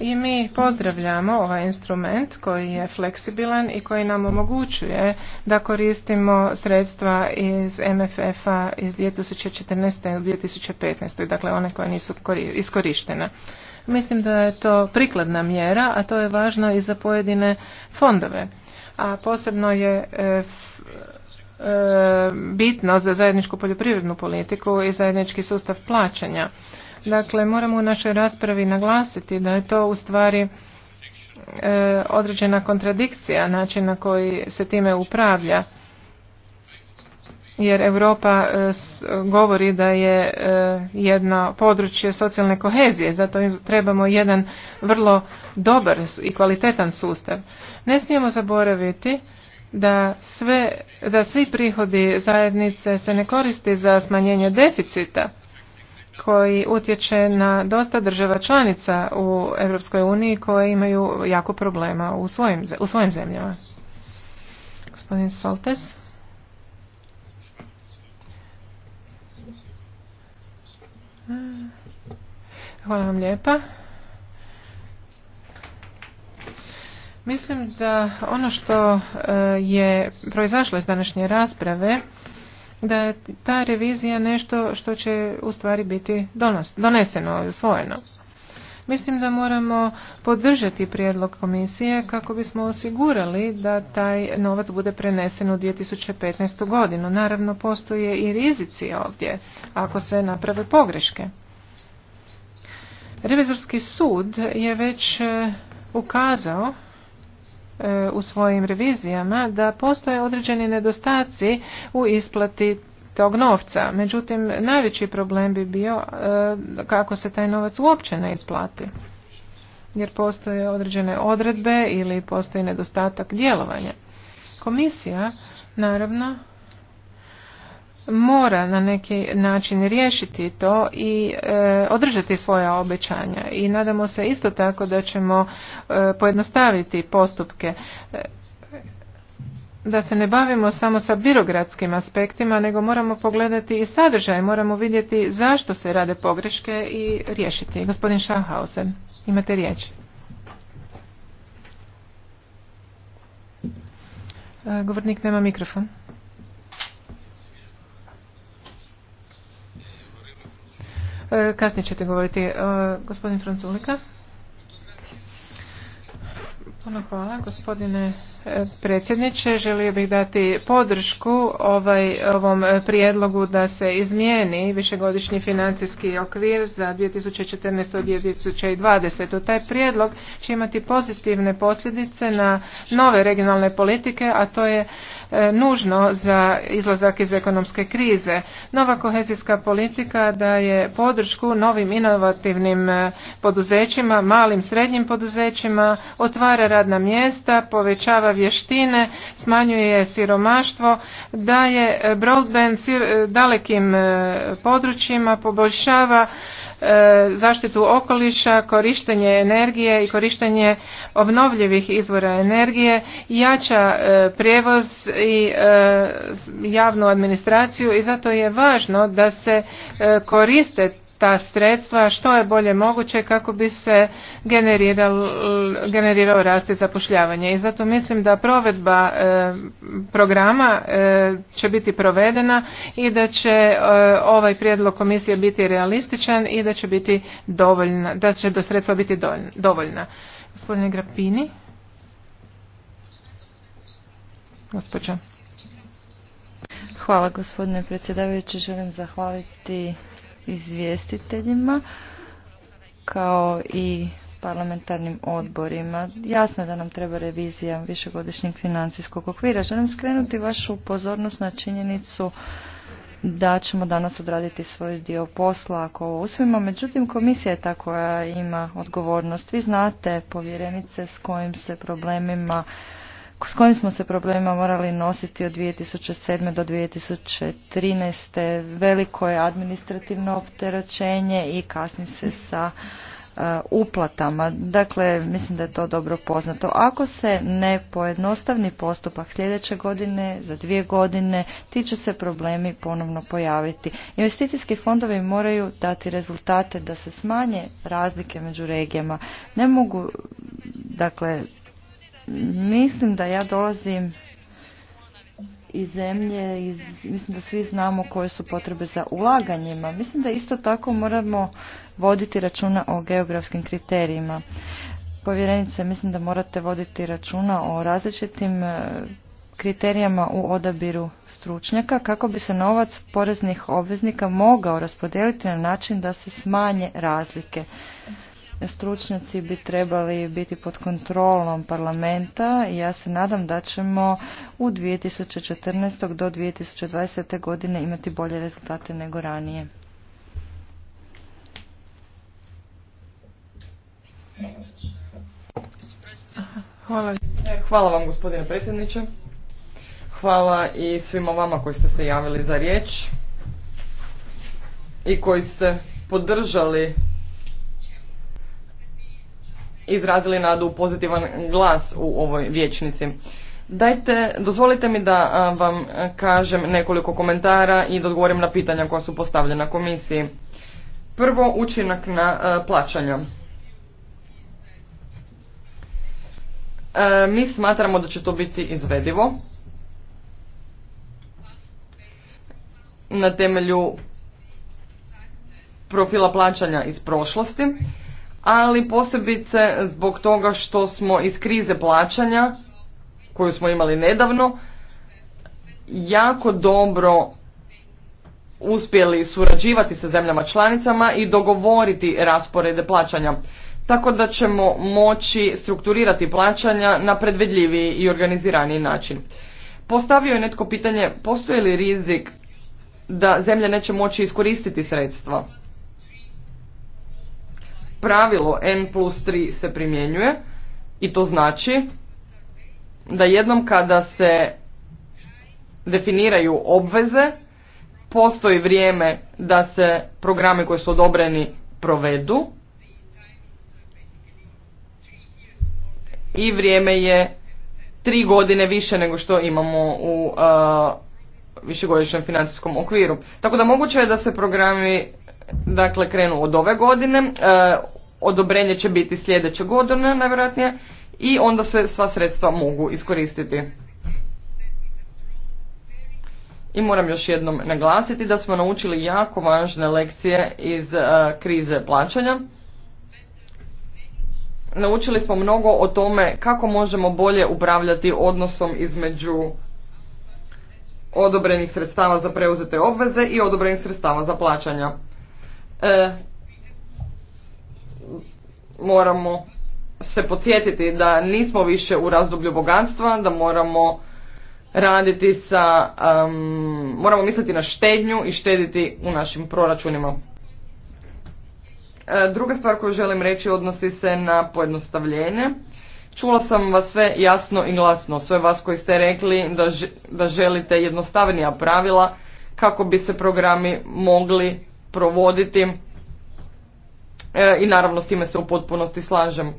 I mi pozdravljamo ovaj instrument koji je fleksibilan i koji nam omogućuje da koristimo sredstva iz MFF-a iz 2014. u 2015. Dakle, one koje nisu iskorištene. Mislim da je to prikladna mjera, a to je važno i za pojedine fondove. A posebno je e, e, bitno za zajedničku poljoprivrednu politiku i zajednički sustav plaćanja Dakle, moramo u našoj raspravi naglasiti da je to u stvari e, određena kontradikcija način na koji se time upravlja. Jer Europa e, govori da je e, jedno područje socijalne kohezije, zato trebamo jedan vrlo dobar i kvalitetan sustav. Ne smijemo zaboraviti da, sve, da svi prihodi zajednice se ne koristi za smanjenje deficita, koji utječe na dosta država članica u Europskoj uniji koje imaju jako problema u svojim, u svojim zemljama. Gospodin Soltes. Hvala vam lijepa. Mislim da ono što e, je proizašlo iz današnje rasprave da je ta revizija nešto što će u stvari biti doneseno, usvojeno. Mislim da moramo podržati prijedlog komisije kako bismo osigurali da taj novac bude prenesen u 2015. godinu. Naravno, postoje i rizici ovdje ako se naprave pogreške. Revizorski sud je već eh, ukazao E, u svojim revizijama da postoje određeni nedostaci u isplati tog novca. Međutim, najveći problem bi bio e, kako se taj novac uopće ne isplati. Jer postoje određene odredbe ili postoji nedostatak djelovanja. Komisija, naravno, mora na neki način riješiti to i e, održati svoja obećanja i nadamo se isto tako da ćemo e, pojednostaviti postupke e, da se ne bavimo samo sa birogradskim aspektima nego moramo pogledati i sadržaj moramo vidjeti zašto se rade pogreške i riješiti gospodin Schahausen, imate riječ govornik nema mikrofon E, kasnije ćete govoriti. E, gospodin Franculika. Puno hvala gospodine e, predsjedniče. Želio bih dati podršku ovaj, ovom prijedlogu da se izmijeni višegodišnji financijski okvir za 2014. i 2020. Taj prijedlog će imati pozitivne posljedice na nove regionalne politike, a to je E, nužno za izlazak iz ekonomske krize. Nova kohezijska politika daje podršku novim inovativnim e, poduzećima, malim srednjim poduzećima, otvara radna mjesta, povećava vještine, smanjuje siromaštvo, daje broadband dalekim e, područjima, poboljšava E, zaštitu okoliša, korištenje energije i korištenje obnovljivih izvora energije, jača e, prijevoz i e, javnu administraciju i zato je važno da se koriste ta sredstva što je bolje moguće kako bi se generirao, rast i zapošljavanje. I zato mislim da provedba e, programa e, će biti provedena i da će e, ovaj prijedlog komisije biti realističan i da će biti dovoljna, da će do sredstva biti dovoljna. Gospodine Grapini. Hvala gospodine predsjedavajući. Želim zahvaliti izvjestiteljima kao i parlamentarnim odborima. Jasno je da nam treba revizija višegodišnjeg financijskog okvira. Želim skrenuti vašu pozornost na činjenicu da ćemo danas odraditi svoj dio posla ako ovo usvijemo. Međutim, komisija je ta koja ima odgovornost. Vi znate povjerenice s kojim se problemima s kojim smo se problema morali nositi od 2007. do 2013. Veliko je administrativno opterećenje i kasni se sa e, uplatama. Dakle, mislim da je to dobro poznato. Ako se ne pojednostavni postupak sljedeće godine, za dvije godine, ti će se problemi ponovno pojaviti. Investicijski fondovi moraju dati rezultate da se smanje razlike među regijama. Ne mogu, dakle, Mislim da ja dolazim iz zemlje, mislim da svi znamo koje su potrebe za ulaganjima. Mislim da isto tako moramo voditi računa o geografskim kriterijima. Povjerenice, mislim da morate voditi računa o različitim e, kriterijama u odabiru stručnjaka kako bi se novac poreznih obveznika mogao raspodijeliti na način da se smanje razlike stručnjaci bi trebali biti pod kontrolom parlamenta i ja se nadam da ćemo u 2014. do 2020. godine imati bolje rezultate nego ranije. Hvala. Hvala vam gospodine predsjedniče. Hvala i svima vama koji ste se javili za riječ i koji ste podržali izrazili nadu pozitivan glas u ovoj vječnici. Dajte, dozvolite mi da vam kažem nekoliko komentara i da odgovorim na pitanja koja su postavljena komisiji. Prvo, učinak na plaćanja. Mi smatramo da će to biti izvedivo na temelju profila plaćanja iz prošlosti ali posebice zbog toga što smo iz krize plaćanja koju smo imali nedavno jako dobro uspjeli surađivati sa zemljama članicama i dogovoriti rasporede plaćanja tako da ćemo moći strukturirati plaćanja na predvidljiviji i organiziraniji način. Postavio je netko pitanje postoji li rizik da zemlje neće moći iskoristiti sredstva pravilo N plus 3 se primjenjuje i to znači da jednom kada se definiraju obveze, postoji vrijeme da se programe koji su odobreni provedu i vrijeme je tri godine više nego što imamo u uh, višegodišnjem financijskom okviru. Tako da moguće je da se programi dakle krenu od ove godine, e, odobrenje će biti sljedeće godine najvjerojatnije i onda se sva sredstva mogu iskoristiti. I moram još jednom naglasiti da smo naučili jako važne lekcije iz e, krize plaćanja. Naučili smo mnogo o tome kako možemo bolje upravljati odnosom između odobrenih sredstava za preuzete obveze i odobrenih sredstava za plaćanja. E, moramo se podsjetiti da nismo više u razdoblju bogatstva, da moramo raditi sa, moramo misliti na štednju i štediti u našim proračunima. E, druga stvar koju želim reći odnosi se na pojednostavljenje. Čula sam vas sve jasno i glasno, sve vas koji ste rekli da, da želite jednostavnija pravila kako bi se programi mogli provoditi e, i naravno s time se u potpunosti slažem.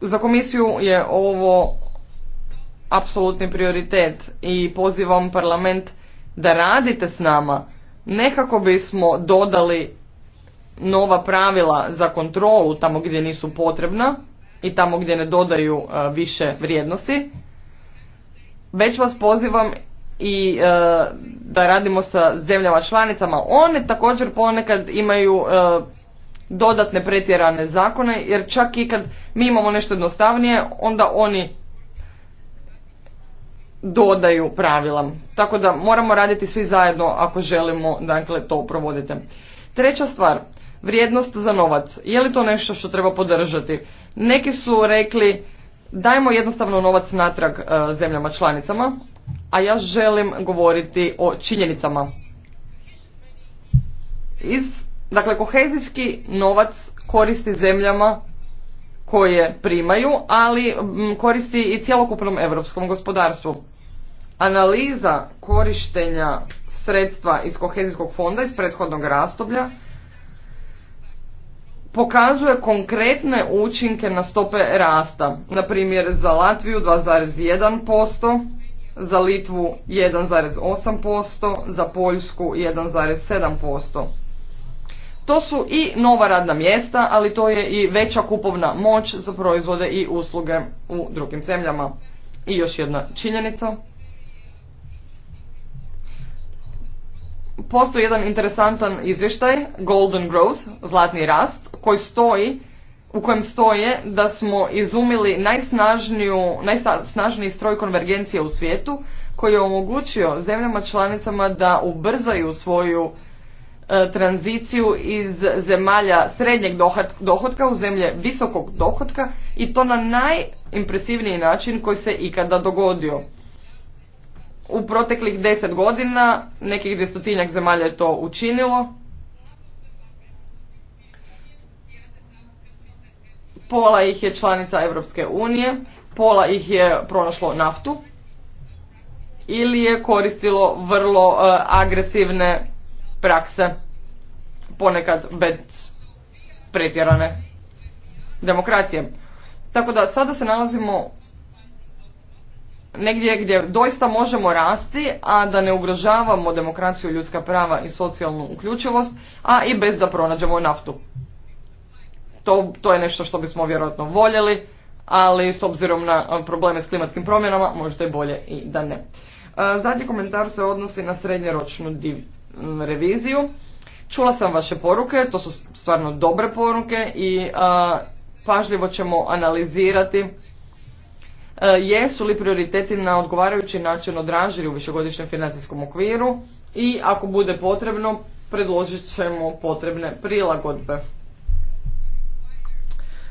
Za komisiju je ovo apsolutni prioritet i pozivam parlament da radite s nama Nekako bismo dodali nova pravila za kontrolu tamo gdje nisu potrebna i tamo gdje ne dodaju e, više vrijednosti, već vas pozivam i e, da radimo sa zemljama članicama, one također ponekad imaju e, dodatne pretjerane zakone jer čak i kad mi imamo nešto jednostavnije onda oni dodaju pravila. Tako da moramo raditi svi zajedno ako želimo dakle to provoditi. Treća stvar, vrijednost za novac. Je li to nešto što treba podržati? Neki su rekli dajmo jednostavno novac natrag e, zemljama članicama, a ja želim govoriti o činjenicama. Iz, dakle, kohezijski novac koristi zemljama koje primaju, ali koristi i cjelokupnom europskom gospodarstvu. Analiza korištenja sredstva iz kohezijskog fonda iz prethodnog rastoblja pokazuje konkretne učinke na stope rasta. Na primjer za Latviju 2,1%, za Litvu 1,8%, za Poljsku 1,7%. To su i nova radna mjesta, ali to je i veća kupovna moć za proizvode i usluge u drugim zemljama. I još jedna činjenica. Postoji jedan interesantan izvještaj, Golden Growth, zlatni rast, koji stoji u kojem stoje da smo izumili najsnažniju, najsnažniji stroj konvergencije u svijetu koji je omogućio zemljama članicama da ubrzaju svoju e, tranziciju iz zemalja srednjeg dohotka u zemlje visokog dohotka i to na najimpresivniji način koji se ikada dogodio. U proteklih deset godina nekih dvjestotinjak zemalja je to učinilo pola ih je članica Europske unije, pola ih je pronašlo naftu ili je koristilo vrlo e, agresivne prakse, ponekad bez pretjerane demokracije. Tako da sada se nalazimo negdje gdje doista možemo rasti, a da ne ugrožavamo demokraciju, ljudska prava i socijalnu uključivost, a i bez da pronađemo naftu. To, to je nešto što bismo vjerojatno voljeli, ali s obzirom na probleme s klimatskim promjenama možda je bolje i da ne. E, zadnji komentar se odnosi na srednjeročnu reviziju. Čula sam vaše poruke, to su stvarno dobre poruke i pažljivo ćemo analizirati e, jesu li prioriteti na odgovarajući način odražili u višegodišnjem financijskom okviru i ako bude potrebno predložit ćemo potrebne prilagodbe.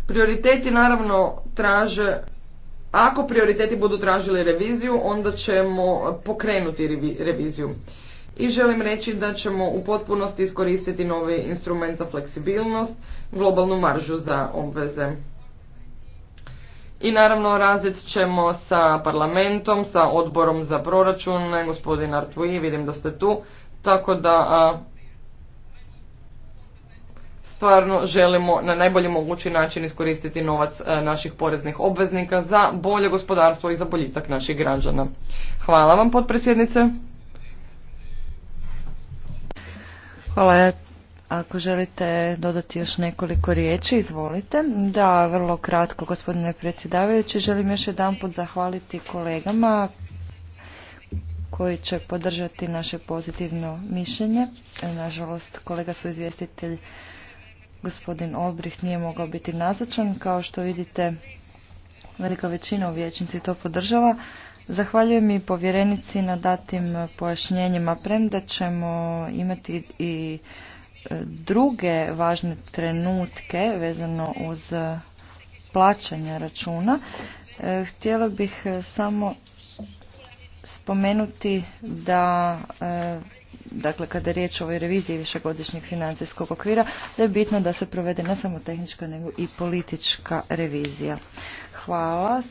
Prioriteti naravno traže, ako prioriteti budu tražili reviziju, onda ćemo pokrenuti reviziju. I želim reći da ćemo u potpunosti iskoristiti novi instrument za fleksibilnost, globalnu maržu za obveze. I naravno razvit ćemo sa parlamentom, sa odborom za proračun, gospodin Artui, vidim da ste tu, tako da stvarno želimo na najbolji mogući način iskoristiti novac e, naših poreznih obveznika za bolje gospodarstvo i za boljitak naših građana. Hvala vam potpredsjednice. Hvala. Ako želite dodati još nekoliko riječi, izvolite. Da, vrlo kratko, gospodine predsjedavajući. Želim još jedan put zahvaliti kolegama koji će podržati naše pozitivno mišljenje. E, nažalost, kolega su izvjestitelj Gospodin Obrih nije mogao biti nazočan. Kao što vidite, velika većina u vijećnici to podržava. Zahvaljujem i povjerenici na datim pojašnjenjima, premda ćemo imati i e, druge važne trenutke vezano uz plaćanja računa. E, htjela bih samo spomenuti da e, dakle kada je riječ o ovoj reviziji višegodišnjeg financijskog okvira, da je bitno da se provede ne samo tehnička nego i politička revizija. Hvala.